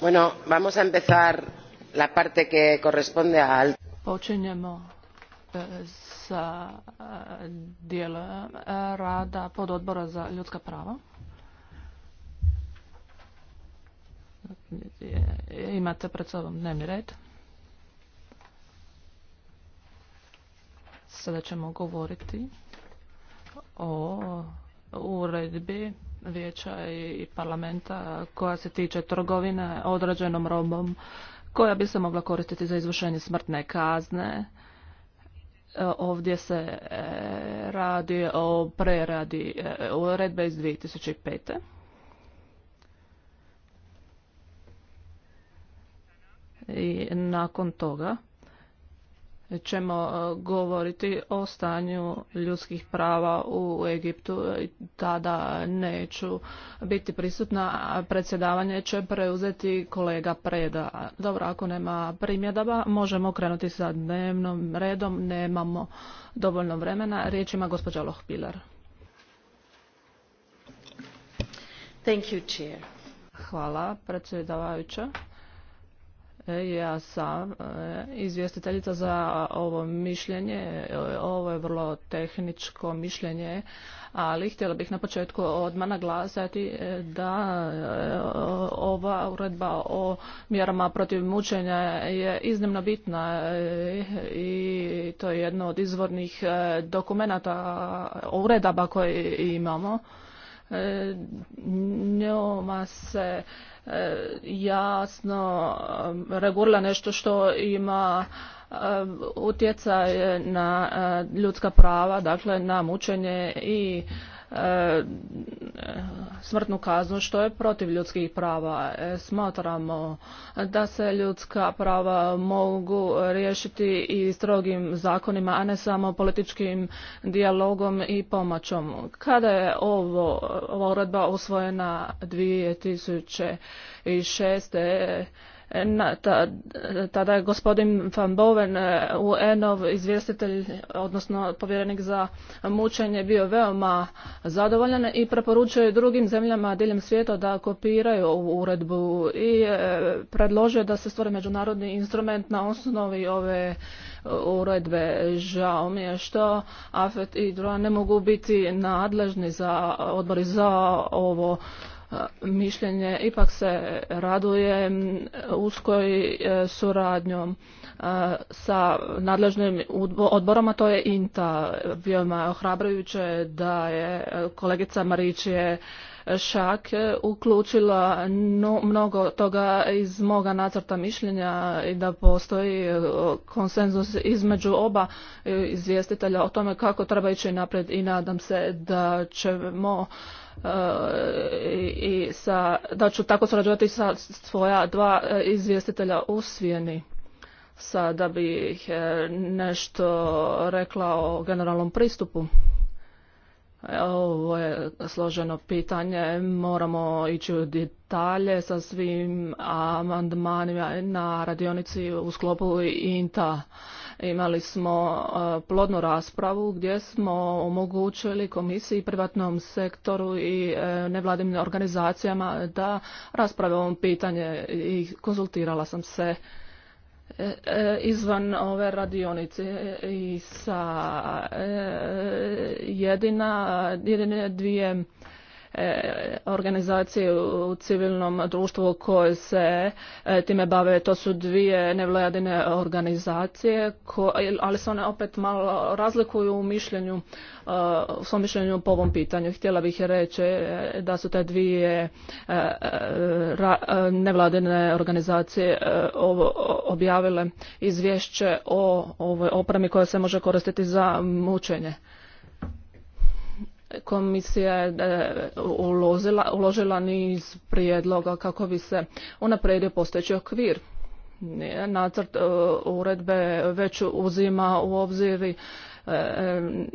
vamos a parte que Počinjemo e, sa e, dijelom e, rada pod odbora za ljudska prava. Imate pred sobom dnevni red. Sada ćemo govoriti o uredbi vijeća i parlamenta koja se tiče trgovine određenom robom koja bi se mogla koristiti za izvršenje smrtne kazne. E, ovdje se e, radi o preradi e, uredbe iz 2005. I nakon toga ćemo e, govoriti o stanju ljudskih prava u Egiptu. Tada neću biti prisutna, predsjedavanje će preuzeti kolega Preda. Dobro, ako nema primjedaba, možemo krenuti sa dnevnom redom, nemamo dovoljno vremena. Riječ ima gospođa Lohpilar. Thank Hvala, predsjedavajuća. Ja sam e, izvjestiteljica za ovo mišljenje. E, ovo je vrlo tehničko mišljenje, ali htjela bih na početku odmah naglasiti e, da ova uredba o mjerama protiv mučenja je iznimno bitna i to je jedno od izvornih dokumenata uredaba koje imamo njoma se E, jasno e, regulira nešto što ima e, utjecaj na ljudska prava, dakle na mučenje i E, smrtnu kaznu što je protiv ljudskih prava. E, smatramo da se ljudska prava mogu riješiti i strogim zakonima, a ne samo političkim dijalogom i pomoćom. Kada je ovo, ova uredba usvojena 2006 tada je gospodin Van Boven, e, UN-ov izvjestitelj, odnosno povjerenik za mučenje, bio veoma zadovoljan i preporučio drugim zemljama diljem svijeta da kopiraju ovu uredbu i e, predložio da se stvori međunarodni instrument na osnovi ove e, uredbe. Žao mi je što AFET i druga ne mogu biti nadležni za odbori za ovo mišljenje ipak se raduje uskoj e, suradnjom sa nadležnim odborom, a to je INTA. je ohrabrujuće da je e, kolegica Marić je Šak e, uključila mnogo toga iz moga nacrta mišljenja i da postoji e, konsenzus između oba e, izvjestitelja o tome kako treba ići naprijed i nadam se da ćemo i sa, da ću tako surađivati sa svoja dva izvjestitelja u Svijeni. Sada bih nešto rekla o generalnom pristupu. Ovo je složeno pitanje, moramo ići u detalje sa svim amandmanima na radionici u sklopu INTA. Imali smo e, plodnu raspravu gdje smo omogućili komisiji, privatnom sektoru i e, nevladim organizacijama da rasprave ovom pitanje i konzultirala sam se E, e, izvan ove radionice i sa e, jedina jedine dvije E, organizacije u civilnom društvu koje se e, time bave. To su dvije nevladine organizacije, ali se one opet malo razlikuju u mišljenju, e, u svom mišljenju po ovom pitanju. Htjela bih reći da su te dvije nevladine organizacije objavile izvješće o opremi koja se može koristiti za mučenje. Komisija je e, uložila, niz prijedloga kako bi se unaprijedio postojeći okvir. Nacrt e, uredbe već uzima u obzir e,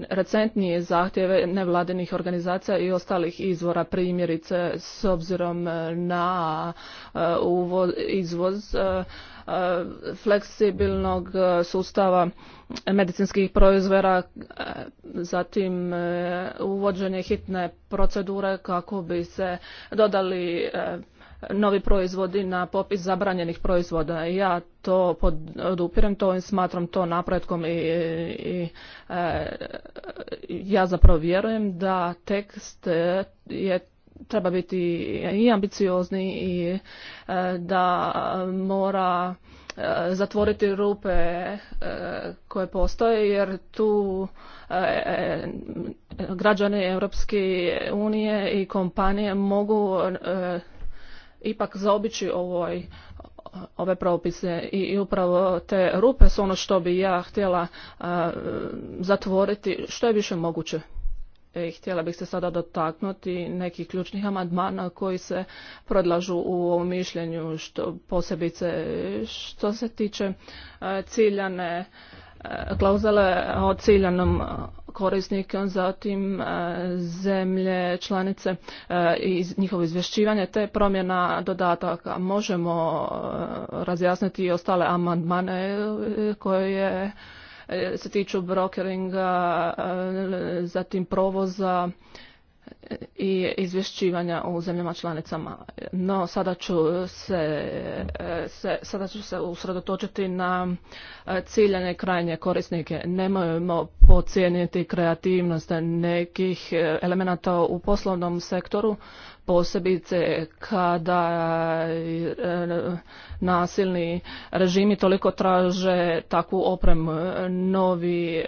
recentnije zahtjeve nevladinih organizacija i ostalih izvora primjerice s obzirom na uvoz, izvoz E, fleksibilnog e, sustava medicinskih proizvera, e, zatim uvođenje hitne procedure kako bi se dodali novi proizvodi na popis zabranjenih proizvoda. Ja to podupirem, to smatram to napretkom i, ja zapravo vjerujem da tekst je treba biti i ambiciozni i e, da mora e, zatvoriti rupe e, koje postoje jer tu građani Europske unije i kompanije mogu ipak zaobići ovoj ove propise i upravo te rupe su ono što bi ja htjela zatvoriti što je više moguće. E, htjela bih se sada dotaknuti nekih ključnih amandmana koji se predlažu u ovom mišljenju što posebice što se tiče e, ciljane e, klauzule o ciljanom korisniku, zatim zemlje, članice i njihovo izvješćivanje, te promjena dodataka. Možemo razjasniti i ostale amandmane koje je E, se tiču brokeringa, e, zatim provoza, i izvješćivanja u zemljama članicama. No, sada ću se, se, sada ću se usredotočiti na e, ciljane krajnje korisnike. Nemojmo pocijeniti kreativnost nekih e, elemenata u poslovnom sektoru, posebice kada e, nasilni režimi toliko traže takvu opremu. Novi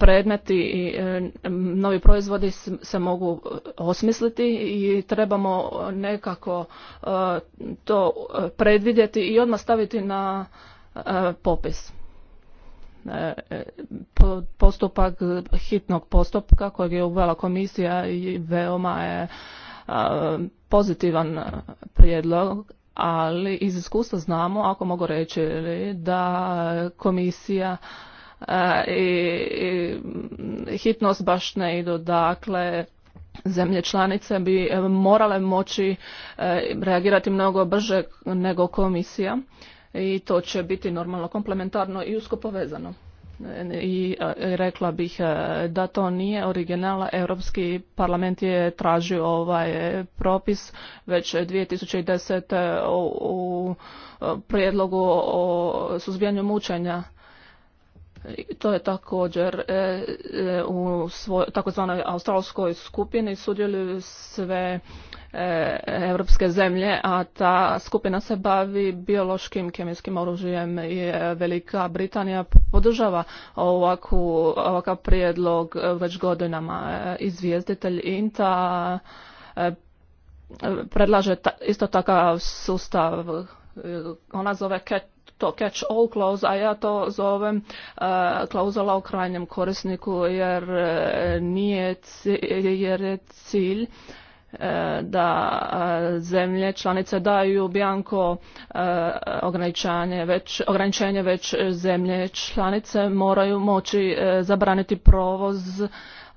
predmeti i e, novi proizvodi se mogu e, osmisliti i trebamo nekako e, to predvidjeti i odmah staviti na popis postupak hitnog postupka kojeg je uvela komisija i veoma je pozitivan prijedlog ali iz iskustva znamo ako mogu reći da komisija E, i hitnost baš ne idu. Dakle, zemlje članice bi e, morale moći e, reagirati mnogo brže nego komisija i to će biti normalno komplementarno i usko povezano. I rekla bih da to nije originala. Europski parlament je tražio ovaj propis već 2010. u prijedlogu o suzbijanju mučenja to je također e, e, u takozvanoj australskoj skupini sudjeluju sve europske zemlje, a ta skupina se bavi biološkim kemijskim oružjem i e, Velika Britanija podržava ovakav prijedlog već godinama. Izvjestitelj INTA predlaže isto takav sustav, ona zove CAT to catch all clause, a ja to zovem e, klauzula o krajnjem korisniku jer e, nije jer je cilj e, da zemlje članice daju bjanko ograničenje već, ograničenje već zemlje članice moraju moći zabraniti provoz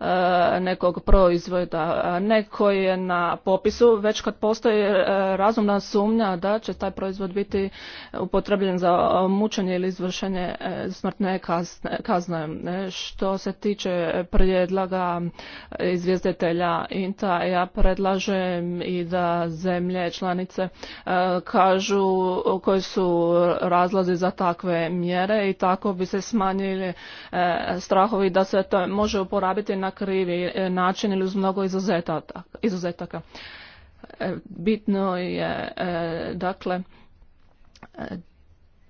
E, nekog proizvoda, ne koji je na popisu, već kad postoji e, razumna sumnja da će taj proizvod biti upotrebljen za e, mučenje ili izvršenje smrtne kazne. Što se tiče prijedlaga izvjestitelja INTA, ja predlažem i da zemlje članice kažu koji su razlozi za takve mjere i tako bi se smanjili strahovi da se to može uporabiti na krivi e, način ili uz mnogo izuzetaka. E, bitno je, e, dakle,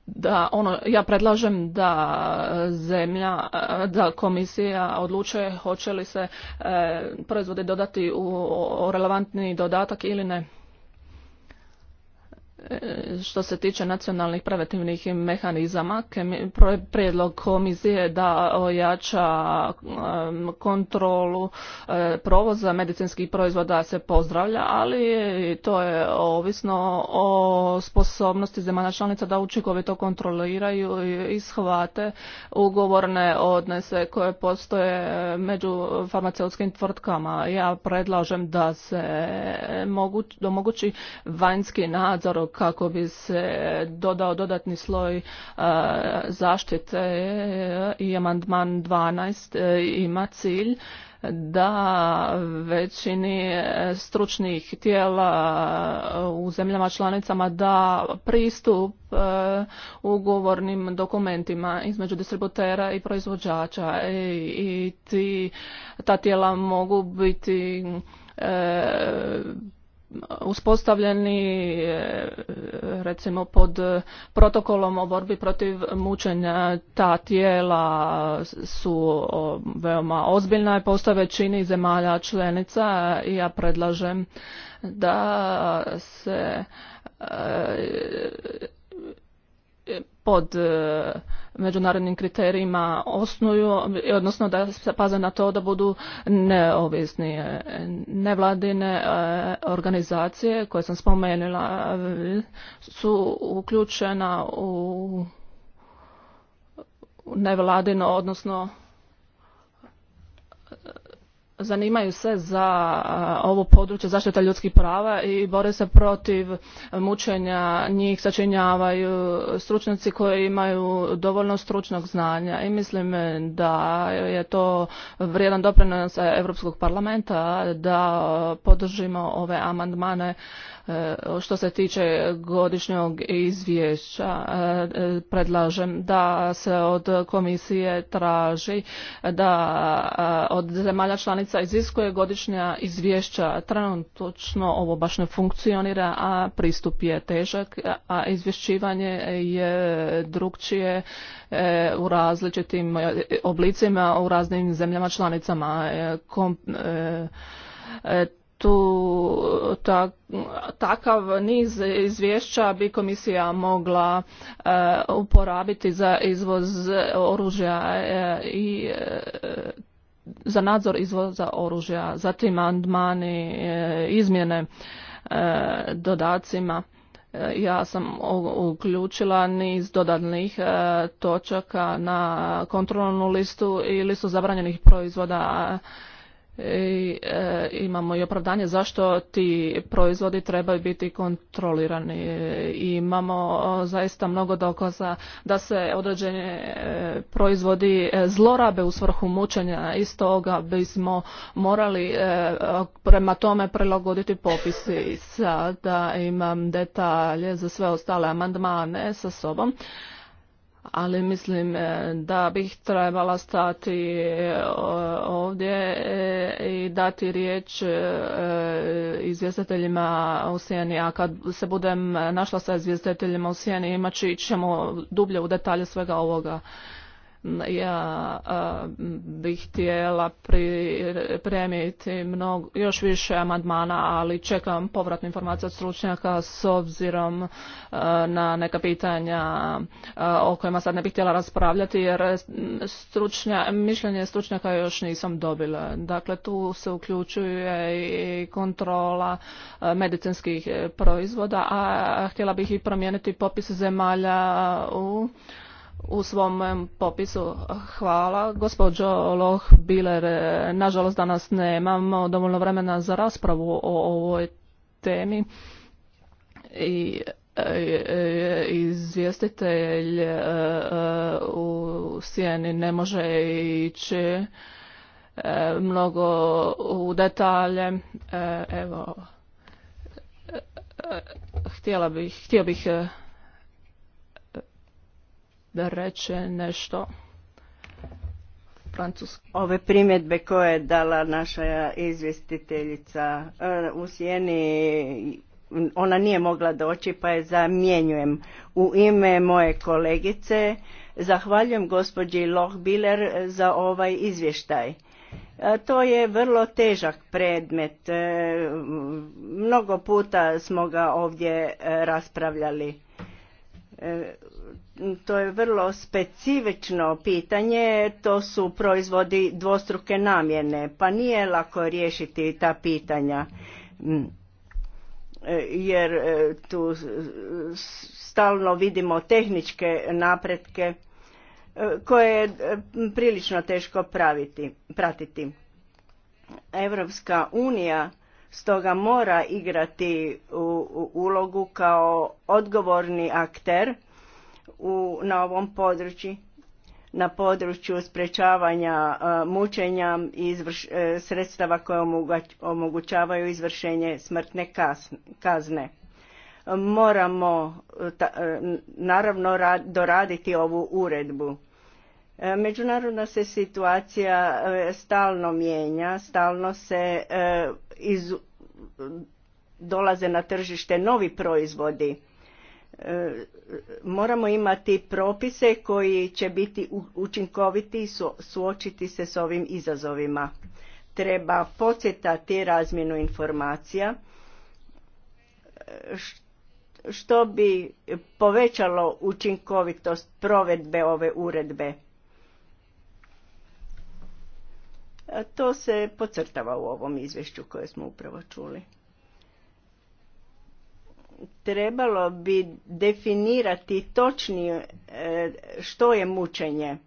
da ono ja predlažem da zemlja da komisija odlučuje hoće li se proizvode proizvodi dodati u relevantni dodatak ili ne što se tiče nacionalnih preventivnih mehanizama, prijedlog komisije da ojača kontrolu e, provoza medicinskih proizvoda se pozdravlja, ali to je ovisno o sposobnosti zemalja članica da učinkovito kontroliraju i shvate ugovorne odnose koje postoje među farmaceutskim tvrtkama. Ja predlažem da se omogući vanjski nadzor kako bi se dodao dodatni sloj e, zaštite e, i amandman 12 e, ima cilj da većini stručnih tijela u zemljama članicama da pristup ugovornim dokumentima između distributera i proizvođača i ta tijela mogu biti uspostavljeni e, recimo pod protokolom o borbi protiv mučenja ta tijela su veoma ozbiljna i postoje većini zemalja članica i ja predlažem da se e, pod e, međunarodnim kriterijima osnuju, odnosno da se paze na to da budu neovisni e, nevladine e, organizacije koje sam spomenula su uključena u nevladino, odnosno zanimaju se za ovo područje zaštita ljudskih prava i bore se protiv mučenja njih sačinjavaju stručnjaci koji imaju dovoljno stručnog znanja i mislim da je to vrijedan doprinos europskog parlamenta da podržimo ove amandmane E, što se tiče godišnjog izvješća, e, predlažem da se od komisije traži da e, od zemalja članica iziskuje godišnja izvješća. Trenutno ovo baš ne funkcionira, a pristup je težak, a izvješćivanje je drugčije u različitim oblicima u raznim zemljama članicama. Kom, tu takav niz izvješća bi komisija mogla eh, uporabiti za izvoz oružja eh, i eh, za nadzor izvoza oružja, zatim andmani, izmjene dodacima. Ja sam uključila niz dodatnih točaka na kontrolnu listu i listu zabranjenih proizvoda i e, imamo i opravdanje zašto ti proizvodi trebaju biti kontrolirani i e, imamo zaista mnogo dokaza da se određeni e, proizvodi zlorabe u svrhu mučenja i stoga bismo morali prema tome prilagoditi popisi sada imam detalje za sve ostale amandmane sa sobom ali mislim e, da bih trebala stati e, ovdje e, i dati riječ izvjestiteljima u sjeni, a kad se budem našla sa izvjestiteljima u sjeni imat ćemo dublje u detalje svega ovoga. Ja bih htjela premijeti mnogo, još više amandmana, ali čekam povratnu informaciju od stručnjaka s obzirom na neka pitanja o kojima sad ne bih htjela raspravljati jer stručnja, mišljenje stručnjaka još nisam dobila. Dakle, tu se uključuje i kontrola medicinskih proizvoda, a htjela bih i promijeniti popis zemalja u u svom popisu. Hvala. Gospođo Loh Biler, nažalost danas nemamo dovoljno vremena za raspravu o ovoj temi. I e, e, izvjestitelj e, u sjeni ne može ići mnogo u detalje. Evo, htjela bih, htio bih reći nešto Ove primjedbe koje je dala naša izvjestiteljica e, u Sjeni, ona nije mogla doći pa je zamjenjujem. U ime moje kolegice zahvaljujem gospođi Biler za ovaj izvještaj. E, to je vrlo težak predmet, e, mnogo puta smo ga ovdje raspravljali to je vrlo specifično pitanje, to su proizvodi dvostruke namjene, pa nije lako riješiti ta pitanja mm. e, jer e, tu stalno vidimo tehničke napretke e, koje je prilično teško pratiti. Evropska unija stoga mora igrati u ulogu kao odgovorni akter u, na ovom području na području sprečavanja e, mučenja i e, sredstava koje omogućavaju izvršenje smrtne kazne. Moramo e, naravno doraditi ovu uredbu. Međunarodna se situacija stalno mijenja, stalno se iz, dolaze na tržište novi proizvodi E, moramo imati propise koji će biti učinkoviti i suočiti se s ovim izazovima. Treba podsjetati razmjenu informacija e, što bi povećalo učinkovitost provedbe ove uredbe. E, to se pocrtava u ovom izvješću koje smo upravo čuli trebalo bi definirati točnije e, što je mučenje.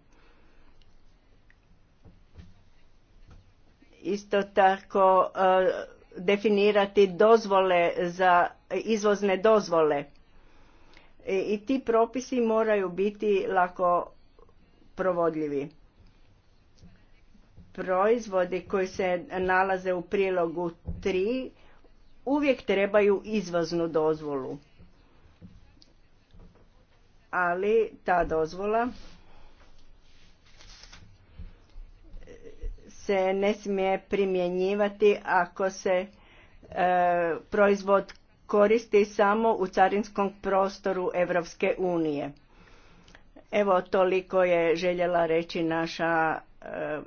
Isto tako e, definirati dozvole za izvozne dozvole. E, I ti propisi moraju biti lako provodljivi. Proizvodi koji se nalaze u prilogu 3 uvijek trebaju izvoznu dozvolu. Ali ta dozvola se ne smije primjenjivati ako se e, proizvod koristi samo u carinskom prostoru Europske unije. Evo toliko je željela reći naša e,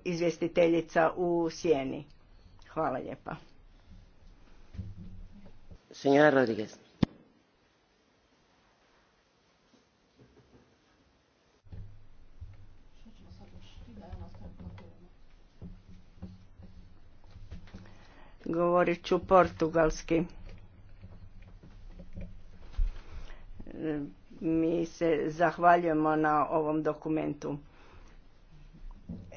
izvjestiteljica u Sjeni. Hvala lijepa. Señora Rodríguez. Govorit ću portugalski. Mi se zahvaljujemo na ovom dokumentu.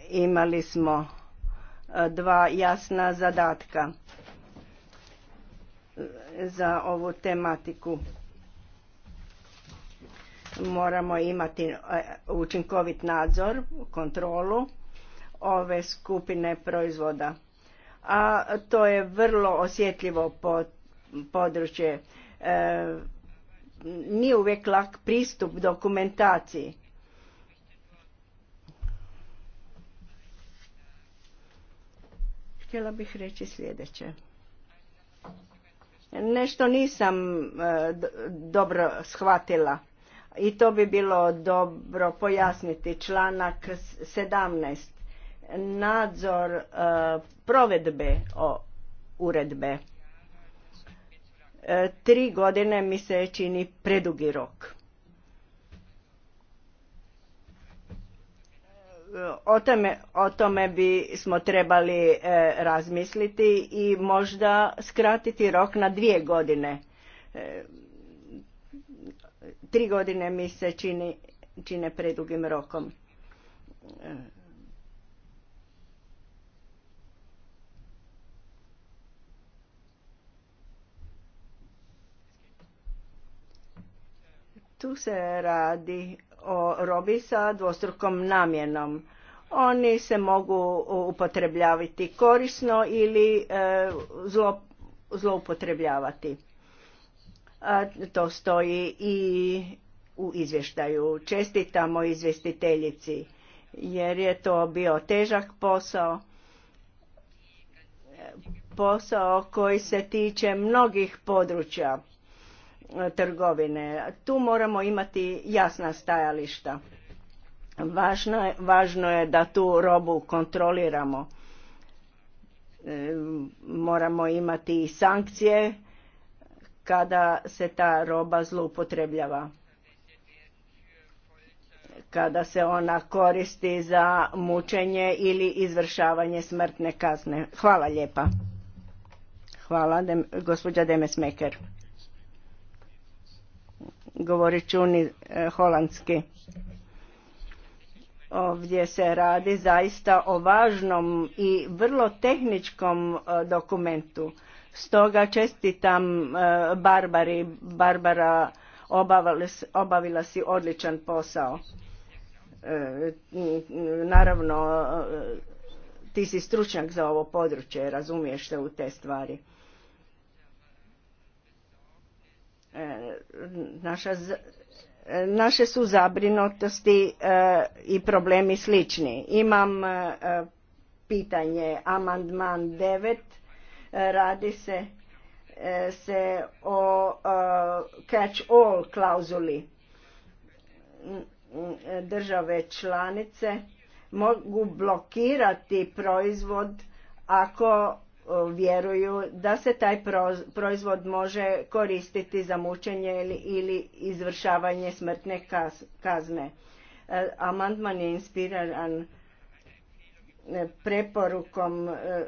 Imali smo eh, dva jasna zadatka za ovu tematiku. Moramo imati e, učinkovit nadzor, kontrolu ove skupine proizvoda. A to je vrlo osjetljivo područje. E, nije uvijek lak pristup dokumentaciji. Htjela bih reći sljedeće. Nešto nisam e, dobro shvatila i to bi bilo dobro pojasniti. Članak 17. Nadzor e, provedbe o uredbe. E, tri godine mi se čini predugi rok. o tome, o bi smo trebali e, razmisliti i možda skratiti rok na dvije godine. E, tri godine mi se čini, čine predugim rokom. E, tu se radi o robi sa dvostrukom namjenom. Oni se mogu upotrebljavati korisno ili e, zlo, zloupotrebljavati. A to stoji i u izvještaju. Čestitamo izvjestiteljici jer je to bio težak posao. Posao koji se tiče mnogih područja trgovine. Tu moramo imati jasna stajališta. Važno je, važno je da tu robu kontroliramo. E, moramo imati i sankcije kada se ta roba zloupotrebljava. Kada se ona koristi za mučenje ili izvršavanje smrtne kazne. Hvala lijepa. Hvala, gospođa Meker govoreći oni e, holandski. Ovdje se radi zaista o važnom i vrlo tehničkom e, dokumentu. Stoga čestitam e, Barbari. Barbara obavila, obavila si odličan posao. Naravno, ti si stručnjak za ovo područje, razumiješ se u te stvari. E, naša e, naše su zabrinutosti e, i problemi slični. Imam pitanje amandman 9 radi se se o catch all klauzuli. Mm, države članice mogu blokirati proizvod ako vjeruju da se taj proizvod može koristiti za mučenje ili izvršavanje smrtne kazne. E, amandman je inspiriran e, preporukom e,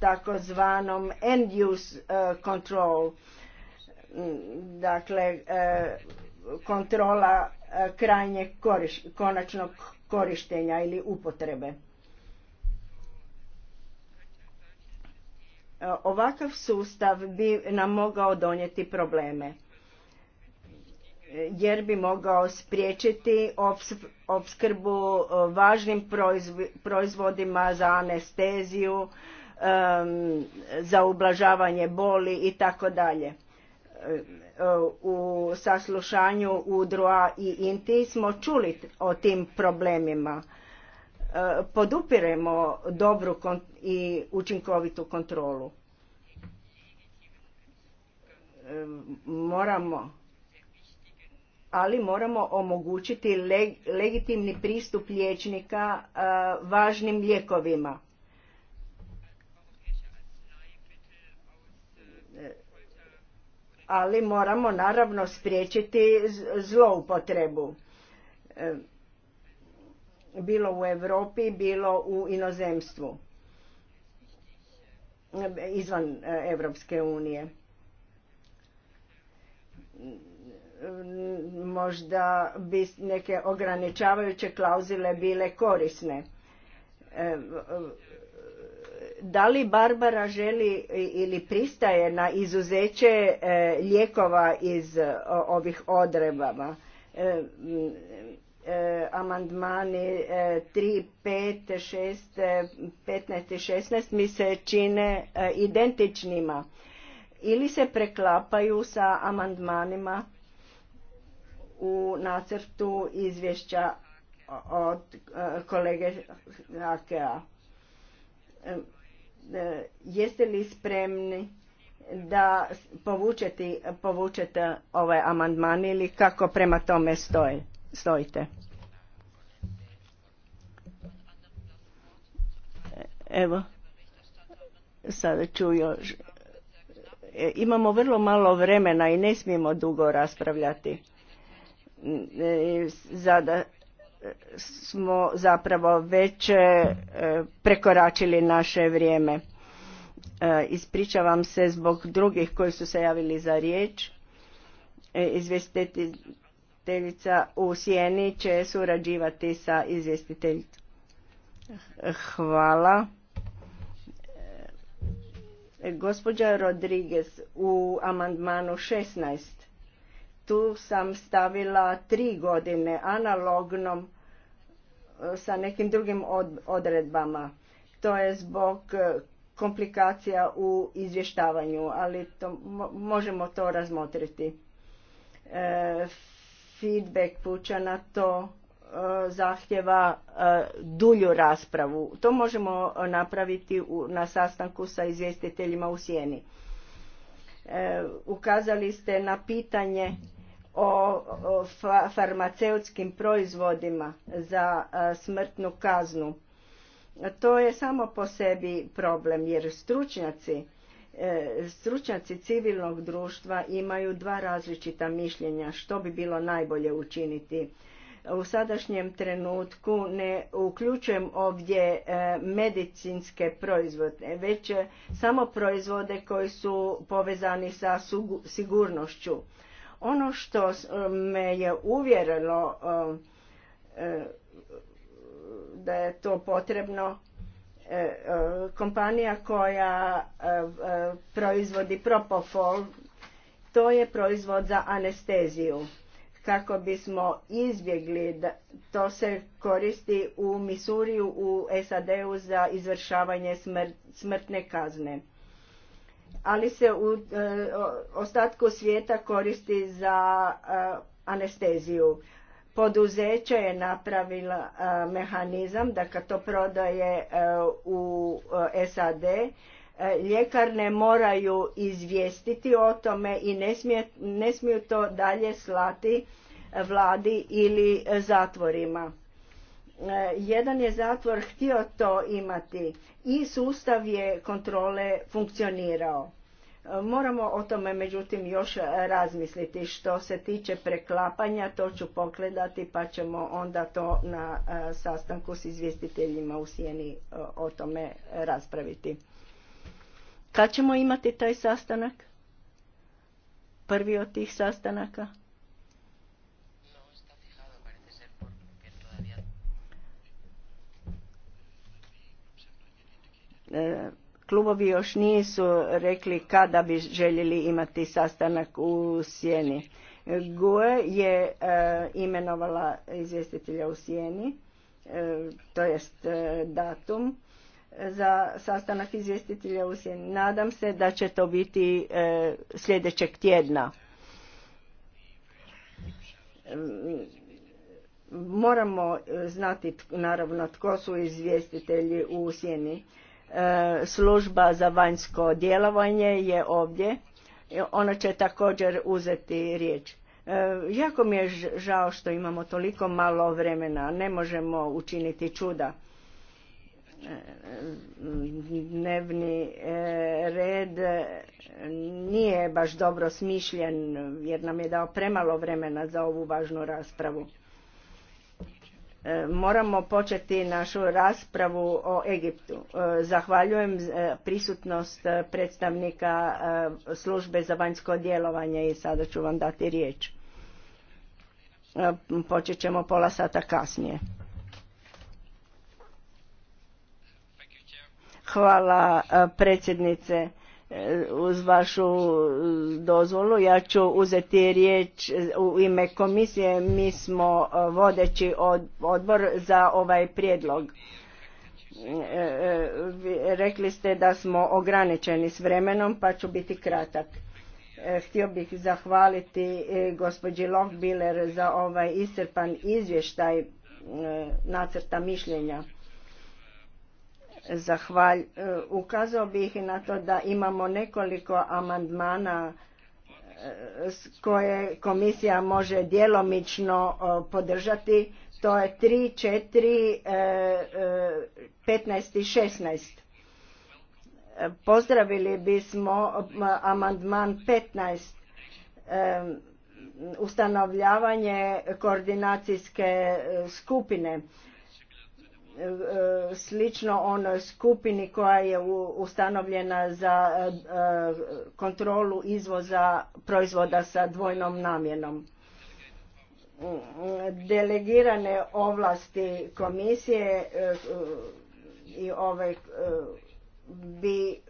takozvanom end use control, dakle kontrola krajnjeg konačnog korištenja ili upotrebe. Ovakav sustav bi nam mogao donijeti probleme jer bi mogao spriječiti opskrbu e, važnim proizvodima za anesteziju, za ublažavanje boli i tako dalje. E, u saslušanju Udrua i INTI smo čuli o tim problemima E, podupiremo dobru i učinkovitu kontrolu. E, moramo, ali moramo omogućiti legitimni pristup liječnika e, važnim lijekovima. Ali moramo naravno spriječiti zloupotrebu bilo u Europi, bilo u inozemstvu izvan Europske unije. Možda bi neke ograničavajuće klauzile bile korisne. E, da li Barbara želi ili pristaje na izuzeće e, lijekova iz ovih odrebama? E, E, amandmani 3, 5, 6, 15 i 16 mi se čine e, identičnima ili se preklapaju sa amandmanima u nacrtu izvješća od e, kolege Hakea. Jeste li spremni da povučete, povučete ovaj ove amandmane ili kako prema tome stoje? stojite. Evo, sada ću još... E, imamo vrlo malo vremena i ne smijemo dugo raspravljati. Zada e, smo zapravo već e, prekoračili naše vrijeme. Ispričavam se zbog drugih koji su se javili za riječ. Izvestiti izvjestiteljica u Sjeni će surađivati sa izvjestiteljicom. Hvala. E, gospođa Rodriguez u amandmanu 16. Tu sam stavila tri godine analognom e, sa nekim drugim odredbama. To je zbog e, komplikacija u izvještavanju, ali to, možemo to razmotriti feedback na to e, zahtjeva e, dulju raspravu. To možemo napraviti na sastanku sa izvjestiteljima u sjeni. E, ukazali ste na pitanje o farmaceutskim proizvodima za smrtnu kaznu. To je samo po sebi problem jer stručnjaci E, stručnjaci civilnog društva imaju dva različita mišljenja što bi bilo najbolje učiniti. U sadašnjem trenutku ne uključujem ovdje e, medicinske proizvode, već samo proizvode koji su povezani sa sigurnošću. Ono što e, me je uvjerilo da je to potrebno E, e, kompanija koja e, proizvodi propofol, to je proizvod za anesteziju. Kako bismo izbjegli, to se koristi u Misuriju, u SAD-u za izvršavanje smrtne kazne. Ali se u ostatku svijeta koristi za anesteziju. Poduzeće je napravila mehanizam da kad to prodaje e, u e, SAD, e, ljekarne moraju izvijestiti o tome i ne, ne smiju to dalje slati vladi ili zatvorima. Jedan je zatvor htio to imati i sustav je kontrole funkcionirao. Moramo o tome međutim još razmisliti što se tiče preklapanja, to ću pogledati pa ćemo onda to na e, sastanku s izvjestiteljima u Sijeni e, o tome raspraviti. Kad ćemo imati taj sastanak? Prvi od tih sastanaka? E, Klubovi još nisu rekli kada bi željeli imati sastanak u sjeni. GUE je e, imenovala izvjestitelja u sjeni, e, to jest e, datum za sastanak izvjestitelja u sjeni. Nadam se da će to biti e, sljedećeg tjedna. Moramo znati naravno tko su izvjestitelji u sjeni E, služba za vanjsko djelovanje je ovdje. Ona će također uzeti riječ. E, jako mi je žao što imamo toliko malo vremena. Ne možemo učiniti čuda. E, dnevni red nije baš dobro smišljen jer nam je dao premalo vremena za ovu važnu raspravu. E, moramo početi našu raspravu o Egiptu. E, zahvaljujem e, prisutnost predstavnika službe za vanjsko djelovanje i sada ću vam dati riječ. Počet ćemo pola sata kasnije. Hvala predsjednice uz vašu dozvolu ja ću uzeti riječ e, u ime komisije mi smo e, vodeći odbor za ovaj prijedlog e, rekli ste da smo ograničeni s vremenom pa ću biti kratak htio bih zahvaliti gospođi Lohbiler za ovaj iscrpan izvještaj nacrta mišljenja Zahvalj, e, ukazao bih i na to da imamo nekoliko amandmana e, koje komisija može djelomično e, podržati. To je 3, 4, 15 i 16. Pozdravili bismo amandman 15 ustanovljavanje koordinacijske skupine E, slično onoj skupini koja je ustanovljena za e, kontrolu izvoza proizvoda sa dvojnom namjenom. Delegirane ovlasti komisije e, i ove bi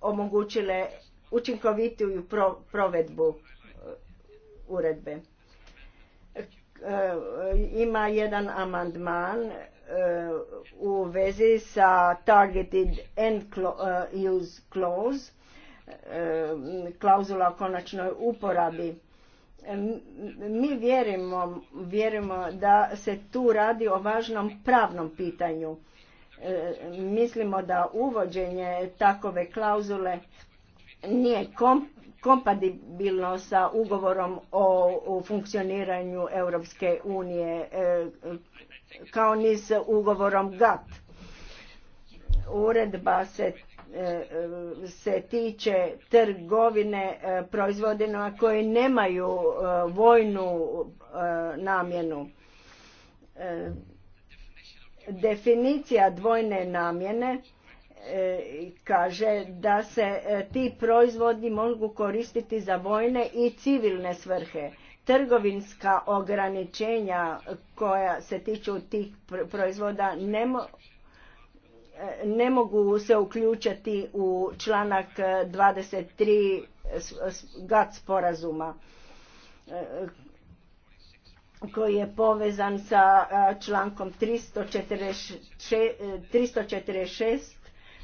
omogućile učinkovitiju provedbu uredbe. Ima jedan amandman u vezi sa targeted end uh, use clause, um, klauzula o konačnoj uporabi. Um, mi vjerimo, da se tu radi o važnom pravnom pitanju. Uh, mislimo da uvođenje takove klauzule nije kompatibilno sa ugovorom o, funkcioniranju Europske unije uh, kao ni s ugovorom GATT. Uredba se e, e, se tiče trgovine e, proizvodima koji nemaju vojnu namjenu. Definicija dvojne namjene kaže da se ti proizvodi mogu koristiti za vojne i civilne svrhe trgovinska ograničenja koja se tiču tih proizvoda ne, mo, ne mogu se uključiti u članak 23 GATT sporazuma e, koji je povezan sa e, člankom 346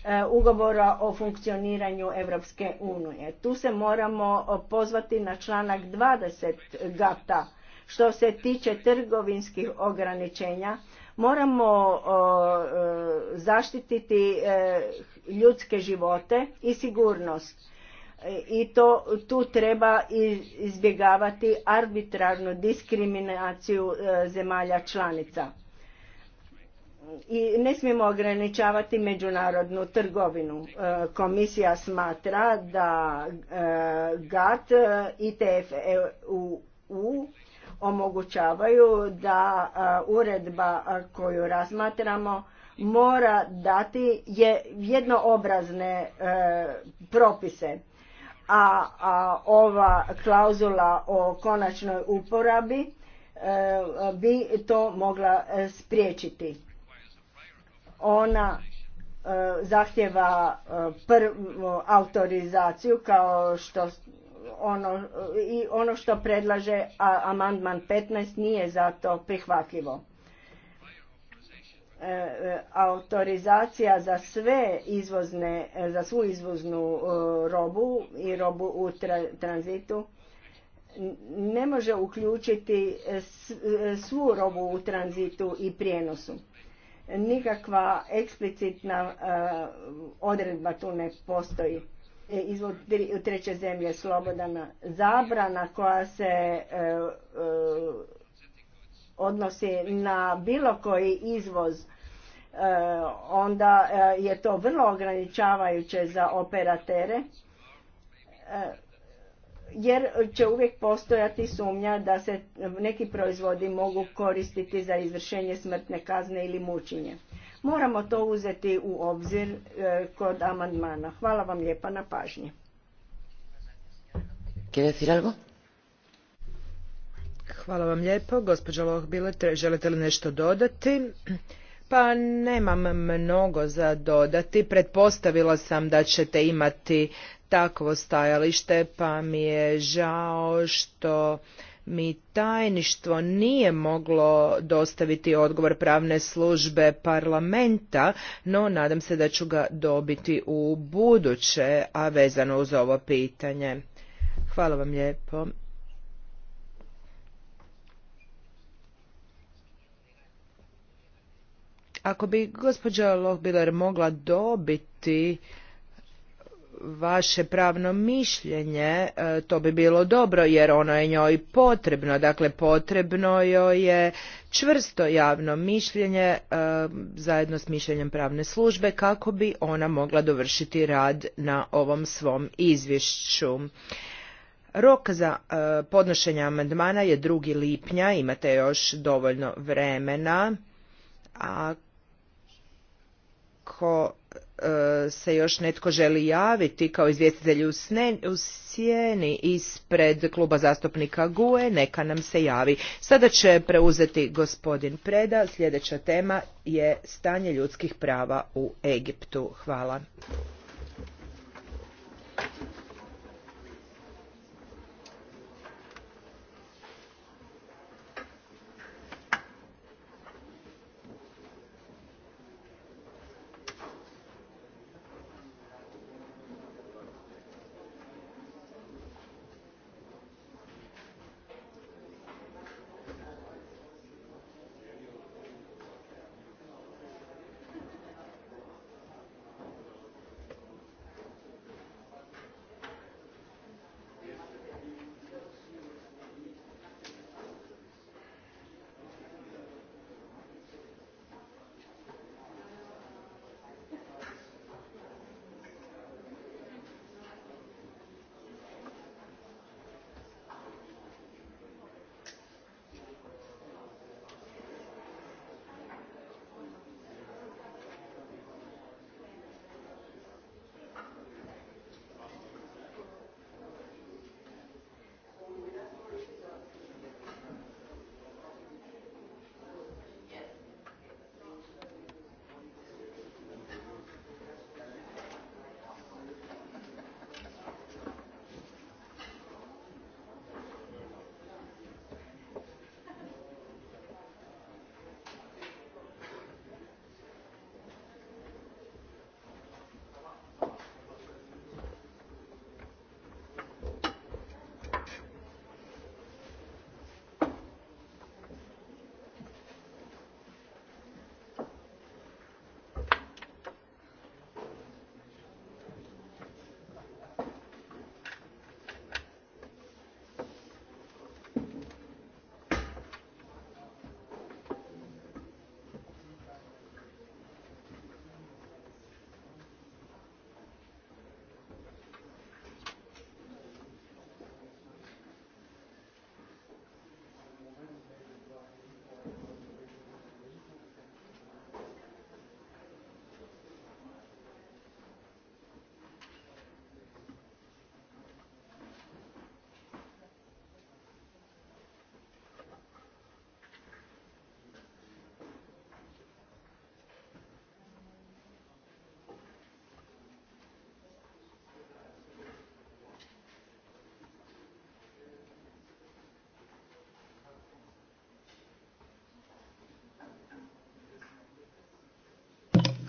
E, ugovora o funkcioniranju Europske unije. Tu se moramo pozvati na članak 20 GATA. Što se tiče trgovinskih ograničenja, moramo e, zaštititi e, ljudske živote i sigurnost. I to tu treba izbjegavati arbitrarnu diskriminaciju zemalja članica i ne smijemo ograničavati međunarodnu trgovinu. E, komisija smatra da e, GAT e, i TFEU omogućavaju da uredba koju razmatramo mora dati jednoobrazne propise. A, a ova klauzula o konačnoj uporabi bi to mogla spriječiti ona e, zahtjeva e, prvu autorizaciju kao što ono i ono što predlaže amandman 15 nije zato prihvatljivo. E, autorizacija za sve izvozne, za svu izvoznu robu i robu u tranzitu ne može uključiti svu robu u tranzitu i prijenosu nikakva eksplicitna eh, odredba tu ne postoji. E, izvod u treće zemlje slobodana zabrana koja se eh, eh, odnosi na bilo koji izvoz onda je to vrlo ograničavajuće za operatere jer će uvijek postojati sumnja da se neki proizvodi mogu koristiti za izvršenje smrtne kazne ili mučenje. Moramo to uzeti u obzir e, kod amandmana. Hvala vam lijepa na pažnji. Hvala vam lijepo. Gospođo Lohbilet, želite li nešto dodati? Pa nemam mnogo za dodati. Pretpostavila sam da ćete imati takvo stajalište, pa mi je žao što mi tajništvo nije moglo dostaviti odgovor pravne službe parlamenta, no nadam se da ću ga dobiti u buduće, a vezano uz ovo pitanje. Hvala vam lijepo. Ako bi gospođa Lohbiler mogla dobiti vaše pravno mišljenje, e, to bi bilo dobro jer ono je njoj potrebno, dakle potrebno joj je čvrsto javno mišljenje e, zajedno s mišljenjem pravne službe kako bi ona mogla dovršiti rad na ovom svom izvješću. Rok za e, podnošenje amandmana je 2. lipnja, imate još dovoljno vremena. Ako E, se još netko želi javiti kao izvjestitelj u, u sjeni ispred kluba zastupnika GUE, neka nam se javi. Sada će preuzeti gospodin Preda, sljedeća tema je stanje ljudskih prava u Egiptu. Hvala.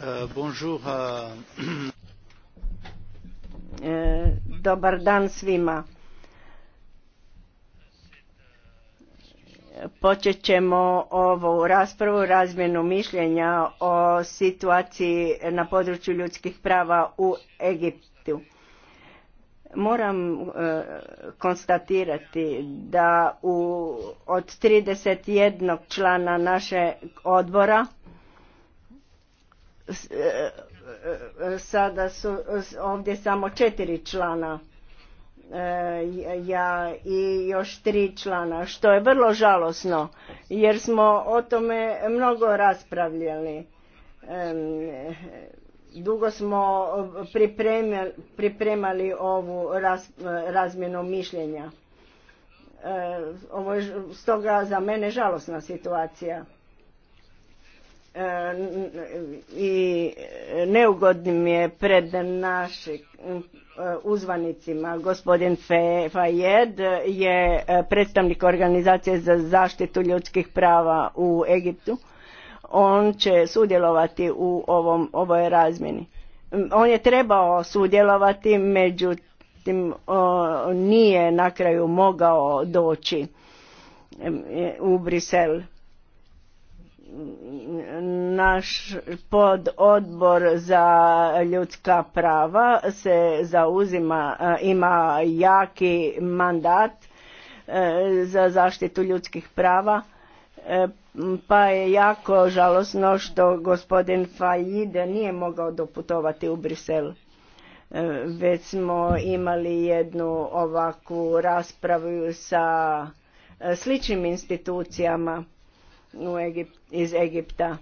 Eh, eh. Eh, dobar dan svima. Počet ćemo ovu raspravu, razmjenu mišljenja o situaciji na području ljudskih prava u Egiptu. Moram konstatirati da u, od 31 člana našeg odbora E, e, sada su ovdje samo četiri člana e, ja i još tri člana što je vrlo žalosno jer smo o tome mnogo raspravljali dugo smo pripremali ovu razmjenu mišljenja ovo je stoga za mene žalosna situacija E, i neugodnim je pred našim e, uzvanicima. Gospodin Fayed je e, predstavnik organizacije za zaštitu ljudskih prava u Egiptu. On će sudjelovati u ovom, ovoj razmjeni. On je trebao sudjelovati, međutim nije na kraju mogao doći u Brisel naš pododbor za ljudska prava se zauzima, e, ima jaki mandat e, za zaštitu ljudskih prava, e, pa je jako žalosno što gospodin Fajide nije mogao doputovati u Brisel. Već smo imali jednu ovakvu raspravu sa sličnim institucijama u iz Egipta.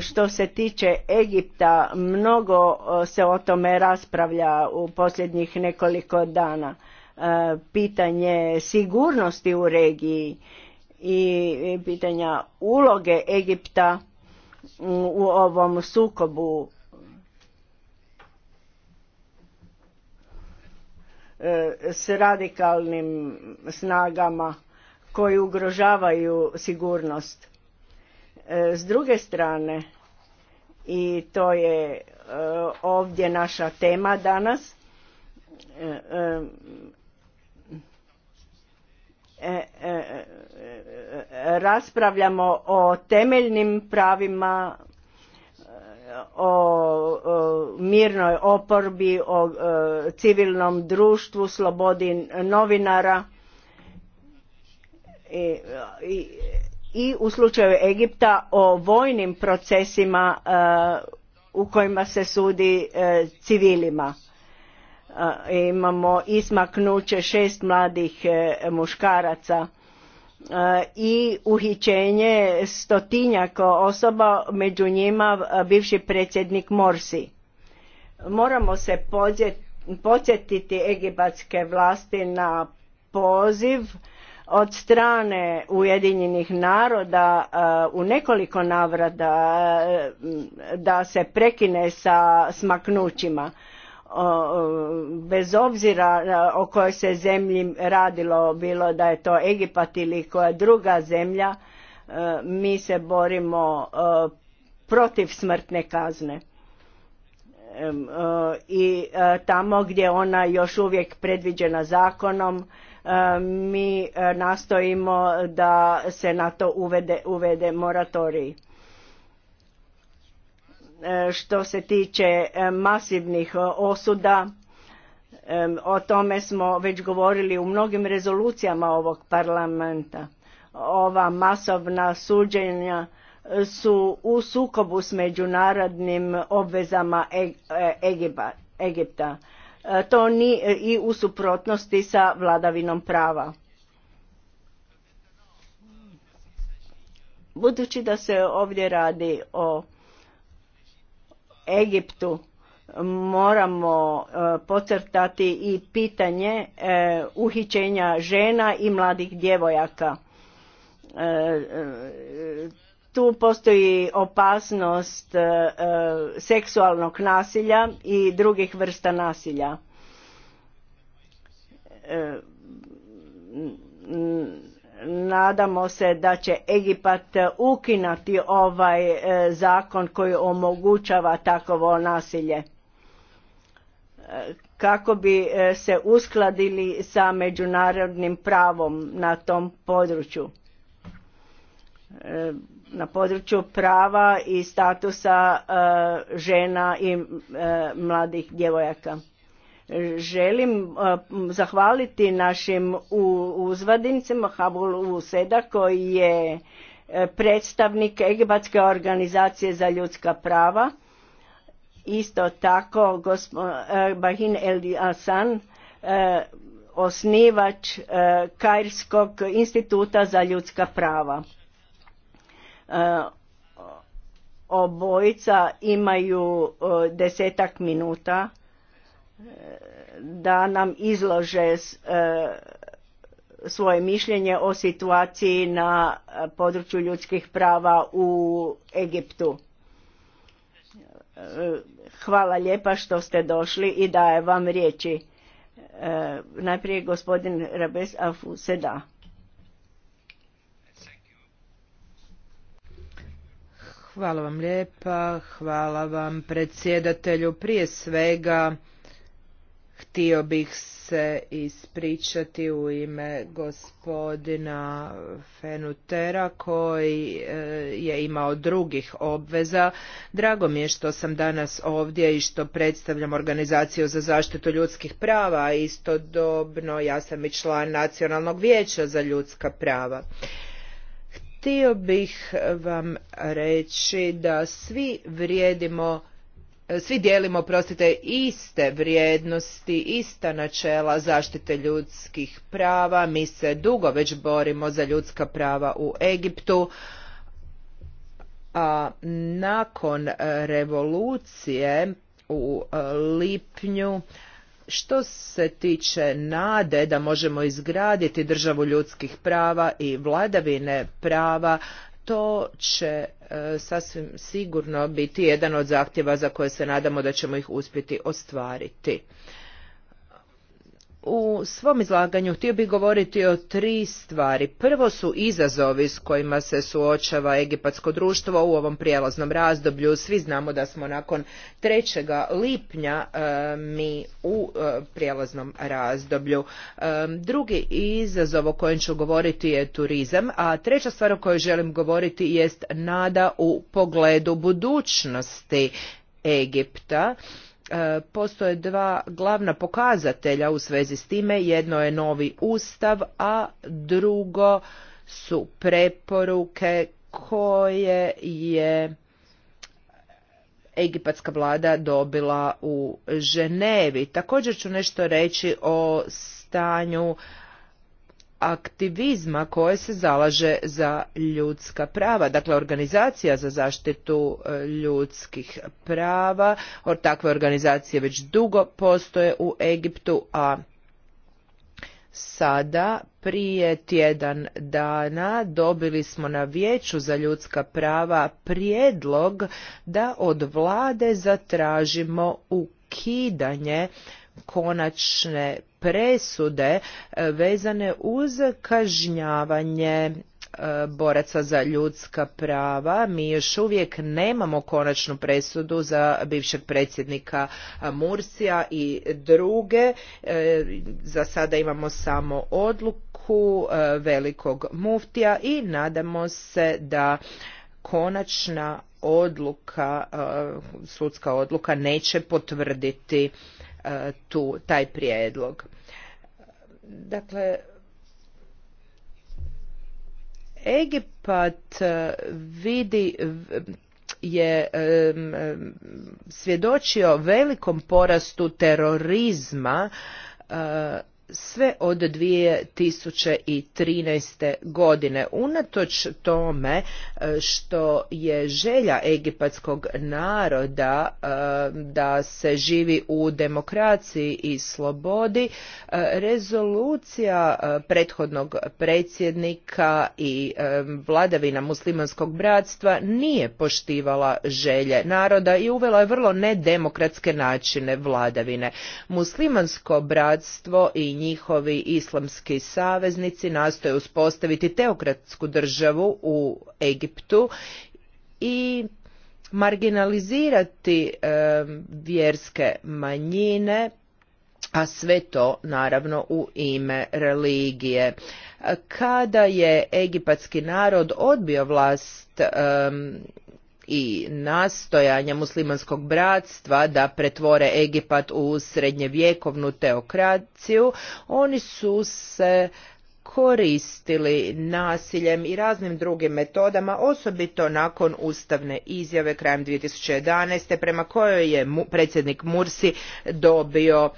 Što se tiče Egipta, mnogo e, se o tome raspravlja u posljednjih nekoliko dana. E, pitanje sigurnosti u regiji i pitanja uloge Egipta u ovom sukobu e, s radikalnim snagama koji ugrožavaju sigurnost. E, s druge strane, i to je e, ovdje naša tema danas, e, raspravljamo o temeljnim pravima o mirnoj oporbi o civilnom društvu slobodi novinara i, u slučaju Egipta o vojnim procesima e, u kojima se sudi e, civilima. E, imamo ismaknuće šest mladih muškaraca i uhićenje stotinjak osoba, među njima bivši predsjednik Morsi. Moramo se podsjetiti egipatske vlasti na poziv od strane Ujedinjenih naroda e, u nekoliko navrada e, da se prekine sa smaknućima bez obzira e, o kojoj se zemlji radilo, bilo da je to Egipat ili koja druga zemlja, mi se borimo protiv smrtne kazne. I tamo gdje ona još uvijek predviđena zakonom, E, mi e, nastojimo da se na to uvede, uvede moratorij. E, što se tiče masivnih osuda, o tome smo već govorili u mnogim rezolucijama ovog parlamenta. Ova masovna suđenja su u sukobu s međunarodnim obvezama Egipta E, to ni e, i u suprotnosti sa vladavinom prava. Budući da se ovdje radi o Egiptu, moramo e, pocrtati i pitanje uhićenja žena i mladih djevojaka tu postoji opasnost e, e, seksualnog nasilja i drugih vrsta nasilja e, nadamo se da će Egipat ukinuti ovaj zakon koji omogućava takovo nasilje kako bi se uskladili sa međunarodnim pravom na tom području na području prava i statusa e, žena i e, mladih djevojaka. Želim e, zahvaliti našim uzvadincima Habul Seda koji je predstavnik Egibatske organizacije za ljudska prava. Isto tako Bahin Eldi Asan, osnivač Kairskog instituta za ljudska prava E, obojica imaju e, desetak minuta e, da nam izlože svoje mišljenje o situaciji na području ljudskih prava u Egiptu. Hvala lijepa što ste došli i dajem vam riječi. Najprije gospodin Rabes Afuseda. Hvala vam lijepa, hvala vam predsjedatelju. Prije svega htio bih se ispričati u ime gospodina Fenutera koji e, je imao drugih obveza. Drago mi je što sam danas ovdje i što predstavljam organizaciju za zaštitu ljudskih prava, istodobno ja sam i član Nacionalnog vijeća za ljudska prava. Htio bih vam reći da svi vrijedimo svi dijelimo, prostite, iste vrijednosti, ista načela zaštite ljudskih prava. Mi se dugo već borimo za ljudska prava u Egiptu. A nakon revolucije u lipnju što se tiče nade da možemo izgraditi državu ljudskih prava i vladavine prava, to će e, sasvim sigurno biti jedan od zahtjeva za koje se nadamo da ćemo ih uspjeti ostvariti. U svom izlaganju htio bih govoriti o tri stvari. Prvo su izazovi s kojima se suočava egipatsko društvo u ovom prijelaznom razdoblju. Svi znamo da smo nakon 3. lipnja e, mi u e, prijelaznom razdoblju. E, drugi izazov o kojem ću govoriti je turizam, a treća stvar o kojoj želim govoriti jest nada u pogledu budućnosti Egipta E, postoje dva glavna pokazatelja u svezi s time. Jedno je novi ustav, a drugo su preporuke koje je egipatska vlada dobila u Ženevi. Također ću nešto reći o stanju aktivizma koje se zalaže za ljudska prava. Dakle, organizacija za zaštitu e, ljudskih prava, od takve organizacije već dugo postoje u Egiptu, a sada prije tjedan dana dobili smo na vijeću za ljudska prava prijedlog da od vlade zatražimo ukidanje konačne presude e, vezane uz kažnjavanje e, boraca za ljudska prava. Mi još uvijek nemamo konačnu presudu za bivšeg predsjednika Mursija i druge. E, za sada imamo samo odluku velikog muftija i nadamo se da konačna odluka, sudska odluka neće potvrditi E, tu taj prijedlog. Dakle, Egipat e, vidi je e, svjedočio velikom porastu terorizma sve od 2013. godine. Unatoč tome e, što je želja egipatskog naroda e, da se živi u demokraciji i slobodi, e, rezolucija prethodnog predsjednika i vladavina muslimanskog bratstva nije poštivala želje naroda i uvela je vrlo nedemokratske načine vladavine. Muslimansko bratstvo i njihovi islamski saveznici nastoje uspostaviti teokratsku državu u Egiptu i marginalizirati vjerske manjine a sve to naravno u ime religije kada je egipatski narod odbio vlast i nastojanja muslimanskog bratstva da pretvore Egipat u srednjevjekovnu teokraciju, oni su se koristili nasiljem i raznim drugim metodama, osobito nakon ustavne izjave krajem 2011. prema kojoj je predsjednik Mursi dobio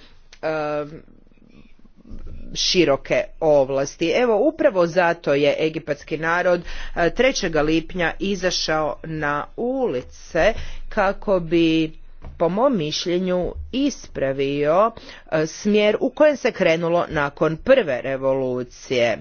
široke ovlasti. Evo upravo zato je egipatski narod 3. E, lipnja izašao na ulice kako bi po mom mišljenju ispravio e, smjer u kojem se krenulo nakon prve revolucije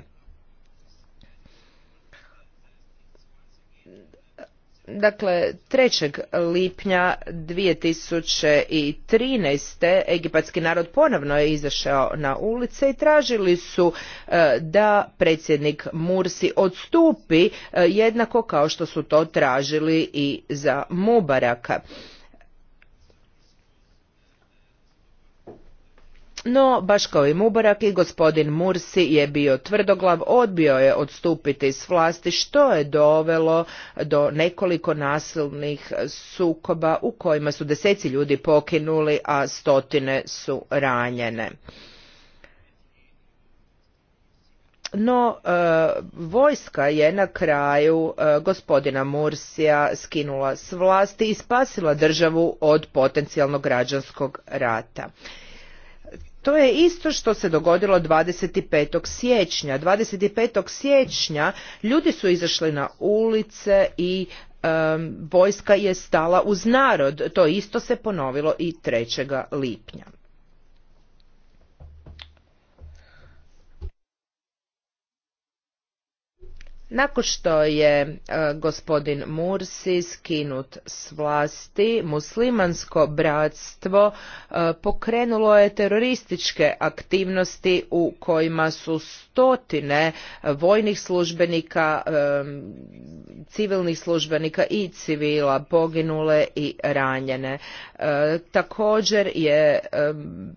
Dakle, 3. lipnja 2013. egipatski narod ponovno je izašao na ulice i tražili su e, da predsjednik Mursi odstupi e, jednako kao što su to tražili i za Mubaraka. No, baš kao i Mubarak i gospodin Mursi je bio tvrdoglav, odbio je odstupiti s vlasti što je dovelo do nekoliko nasilnih sukoba u kojima su deseci ljudi pokinuli, a stotine su ranjene. No, e, vojska je na kraju e, gospodina Mursija skinula s vlasti i spasila državu od potencijalnog građanskog rata. To je isto što se dogodilo 25. siječnja. 25. siječnja ljudi su izašli na ulice i vojska je stala uz narod. To isto se ponovilo i 3. lipnja. Nakon što je e, gospodin Mursi skinut s vlasti, muslimansko bratstvo e, pokrenulo je terorističke aktivnosti u kojima su stotine vojnih službenika, e, civilnih službenika i civila poginule i ranjene. Također je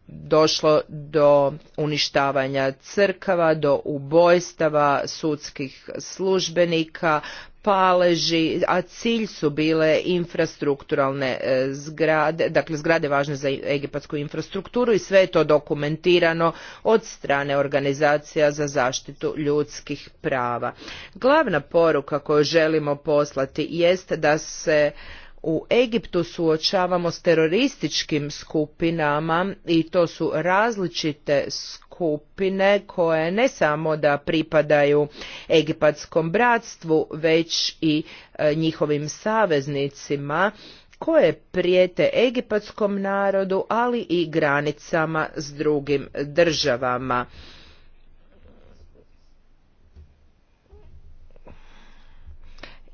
došlo do uništavanja crkava, do ubojstava sudskih službenika službenika, paleži, a cilj su bile infrastrukturalne e, zgrade, dakle zgrade važne za egipatsku infrastrukturu i sve je to dokumentirano od strane organizacija za zaštitu ljudskih prava. Glavna poruka koju želimo poslati jest da se u Egiptu suočavamo s terorističkim skupinama i to su različite skupine koje ne samo da pripadaju egipatskom bratstvu već i e, njihovim saveznicima koje prijete egipatskom narodu ali i granicama s drugim državama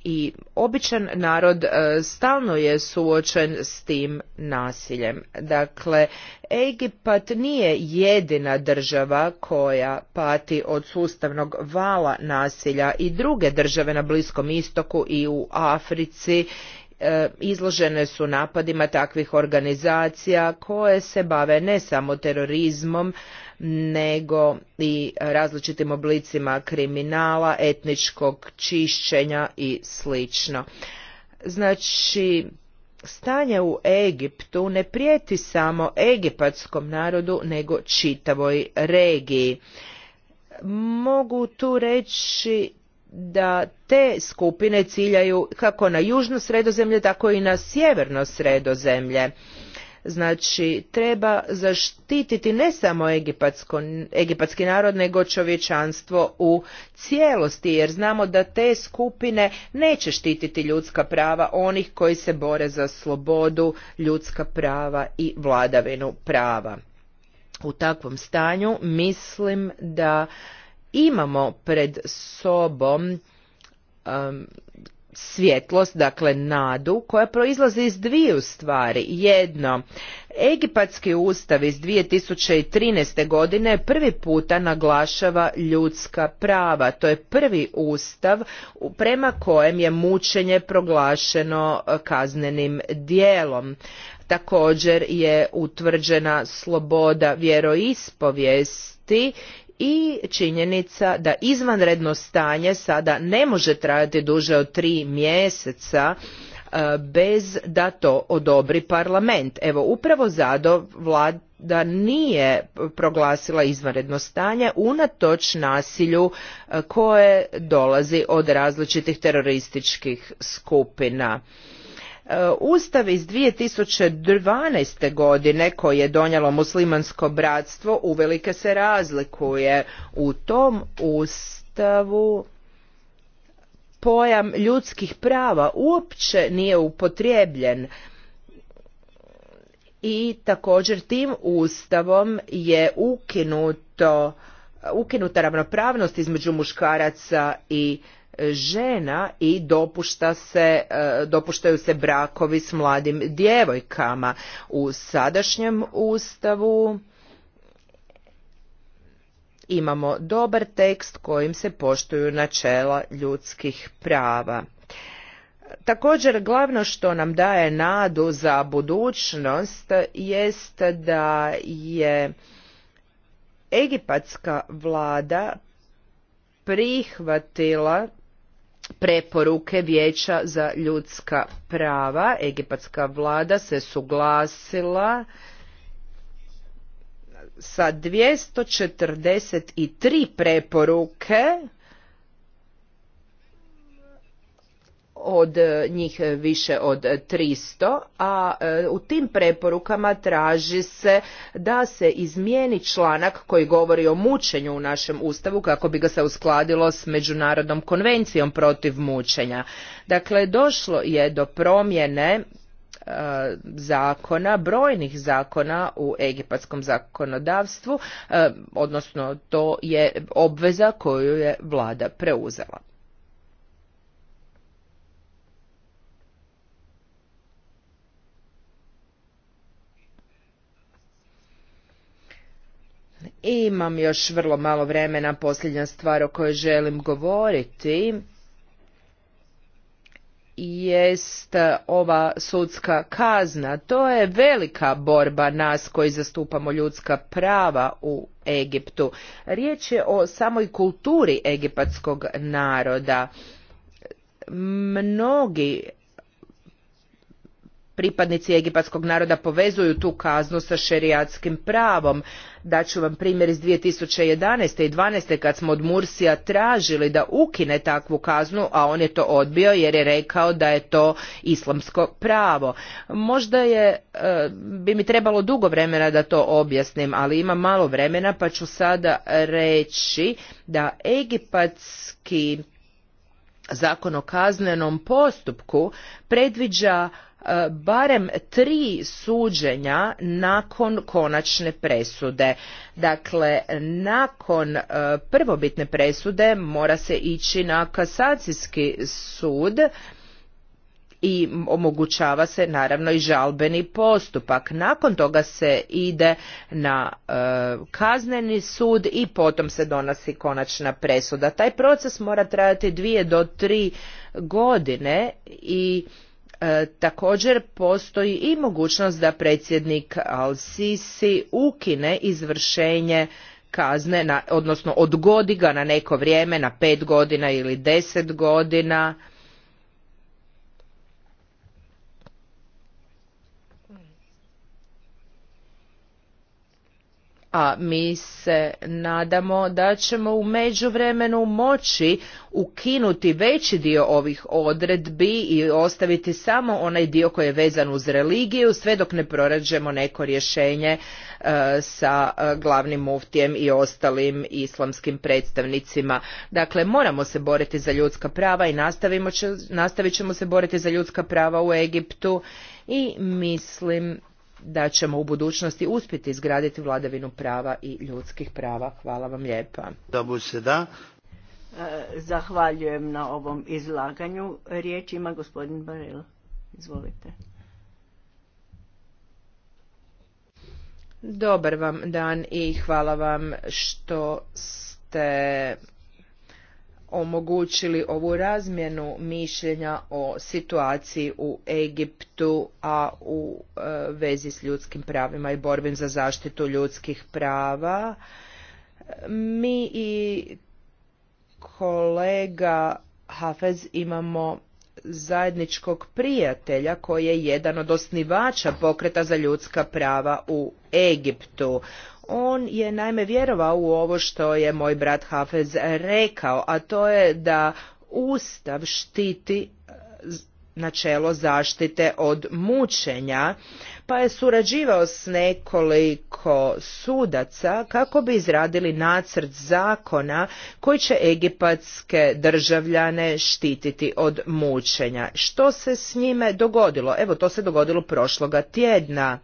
i običan narod e, stalno je suočen s tim nasiljem. Dakle, Egipat nije jedina država koja pati od sustavnog vala nasilja i druge države na Bliskom istoku i u Africi E, izložene su napadima takvih organizacija koje se bave ne samo terorizmom nego i različitim oblicima kriminala, etničkog čišćenja i slično. Znači, stanje u Egiptu ne prijeti samo egipatskom narodu nego čitavoj regiji. Mogu tu reći da te skupine ciljaju kako na južno sredozemlje, tako i na sjeverno sredozemlje. Znači, treba zaštititi ne samo egipatski narod, nego čovječanstvo u cijelosti, jer znamo da te skupine neće štititi ljudska prava onih koji se bore za slobodu, ljudska prava i vladavinu prava. U takvom stanju mislim da imamo pred sobom um, svjetlost, dakle nadu, koja proizlazi iz dviju stvari. Jedno, Egipatski ustav iz 2013. godine prvi puta naglašava ljudska prava. To je prvi ustav prema kojem je mučenje proglašeno e, kaznenim dijelom. Također je utvrđena sloboda vjeroispovijesti i činjenica da izvanredno stanje sada ne može trajati duže od tri mjeseca e, bez da to odobri parlament. Evo, upravo zato vlada nije proglasila izvanredno stanje unatoč nasilju e, koje dolazi od različitih terorističkih skupina. E, ustav iz 2012. godine koji je donijelo muslimansko bratstvo uvelike se razlikuje. U tom ustavu pojam ljudskih prava uopće nije upotrijebljen i također tim ustavom je ukinuto ukinuta ravnopravnost između muškaraca i žena i dopušta se, e, dopuštaju se brakovi s mladim djevojkama. U sadašnjem ustavu imamo dobar tekst kojim se poštuju načela ljudskih prava. Također glavno što nam daje nadu za budućnost jest da je egipatska vlada prihvatila preporuke Vijeća za ljudska prava. Egipatska vlada se suglasila sa 243 preporuke od e, njih e, više od 300, a e, u tim preporukama traži se da se izmijeni članak koji govori o mučenju u našem Ustavu kako bi ga se uskladilo s Međunarodnom konvencijom protiv mučenja. Dakle, došlo je do promjene zakona, brojnih zakona u egipatskom zakonodavstvu, odnosno to je obveza koju je vlada preuzela. Imam još vrlo malo vremena, posljednja stvar o kojoj želim govoriti jest ova sudska kazna. To je velika borba nas koji zastupamo ljudska prava u Egiptu. Riječ je o samoj kulturi egipatskog naroda. Mnogi pripadnici egipatskog naroda povezuju tu kaznu sa šerijatskim pravom. Daću vam primjer iz 2011. i 12. kad smo od Mursija tražili da ukine takvu kaznu, a on je to odbio jer je rekao da je to islamsko pravo. Možda je, e, bi mi trebalo dugo vremena da to objasnim, ali ima malo vremena pa ću sada reći da egipatski zakon o kaznenom postupku predviđa E, barem tri suđenja nakon konačne presude. Dakle, nakon e, prvobitne presude mora se ići na kasacijski sud i omogućava se naravno i žalbeni postupak. Nakon toga se ide na e, kazneni sud i potom se donosi konačna presuda. Taj proces mora trajati dvije do tri godine i E, također postoji i mogućnost da predsjednik Al-Sisi ukine izvršenje kazne, odnosno odgodi ga na neko vrijeme, na pet godina ili deset godina a mi se nadamo da ćemo u međuvremenu moći ukinuti veći dio ovih odredbi i ostaviti samo onaj dio koji je vezan uz religiju sve dok ne prorađemo neko rješenje e, sa e, glavnim muftijem i ostalim islamskim predstavnicima. Dakle, moramo se boriti za ljudska prava i nastavit ćemo se boriti za ljudska prava u Egiptu i mislim da ćemo u budućnosti uspjeti izgraditi vladavinu prava i ljudskih prava. Hvala vam lijepa. Da bu se da. E, zahvaljujem na ovom izlaganju. Riječ ima gospodin Barel. Izvolite. Dobar vam dan i hvala vam što ste omogućili ovu razmjenu mišljenja o situaciji u Egiptu, a u e, vezi s ljudskim pravima i borbim za zaštitu ljudskih prava. Mi i kolega Hafez imamo zajedničkog prijatelja koji je jedan od osnivača pokreta za ljudska prava u Egiptu. On je naime vjerovao u ovo što je moj brat Hafez rekao, a to je da Ustav štiti e, načelo zaštite od mučenja, pa je surađivao s nekoliko sudaca kako bi izradili nacrt zakona koji će egipatske državljane štititi od mučenja. Što se s njime dogodilo? Evo, to se dogodilo prošloga tjedna.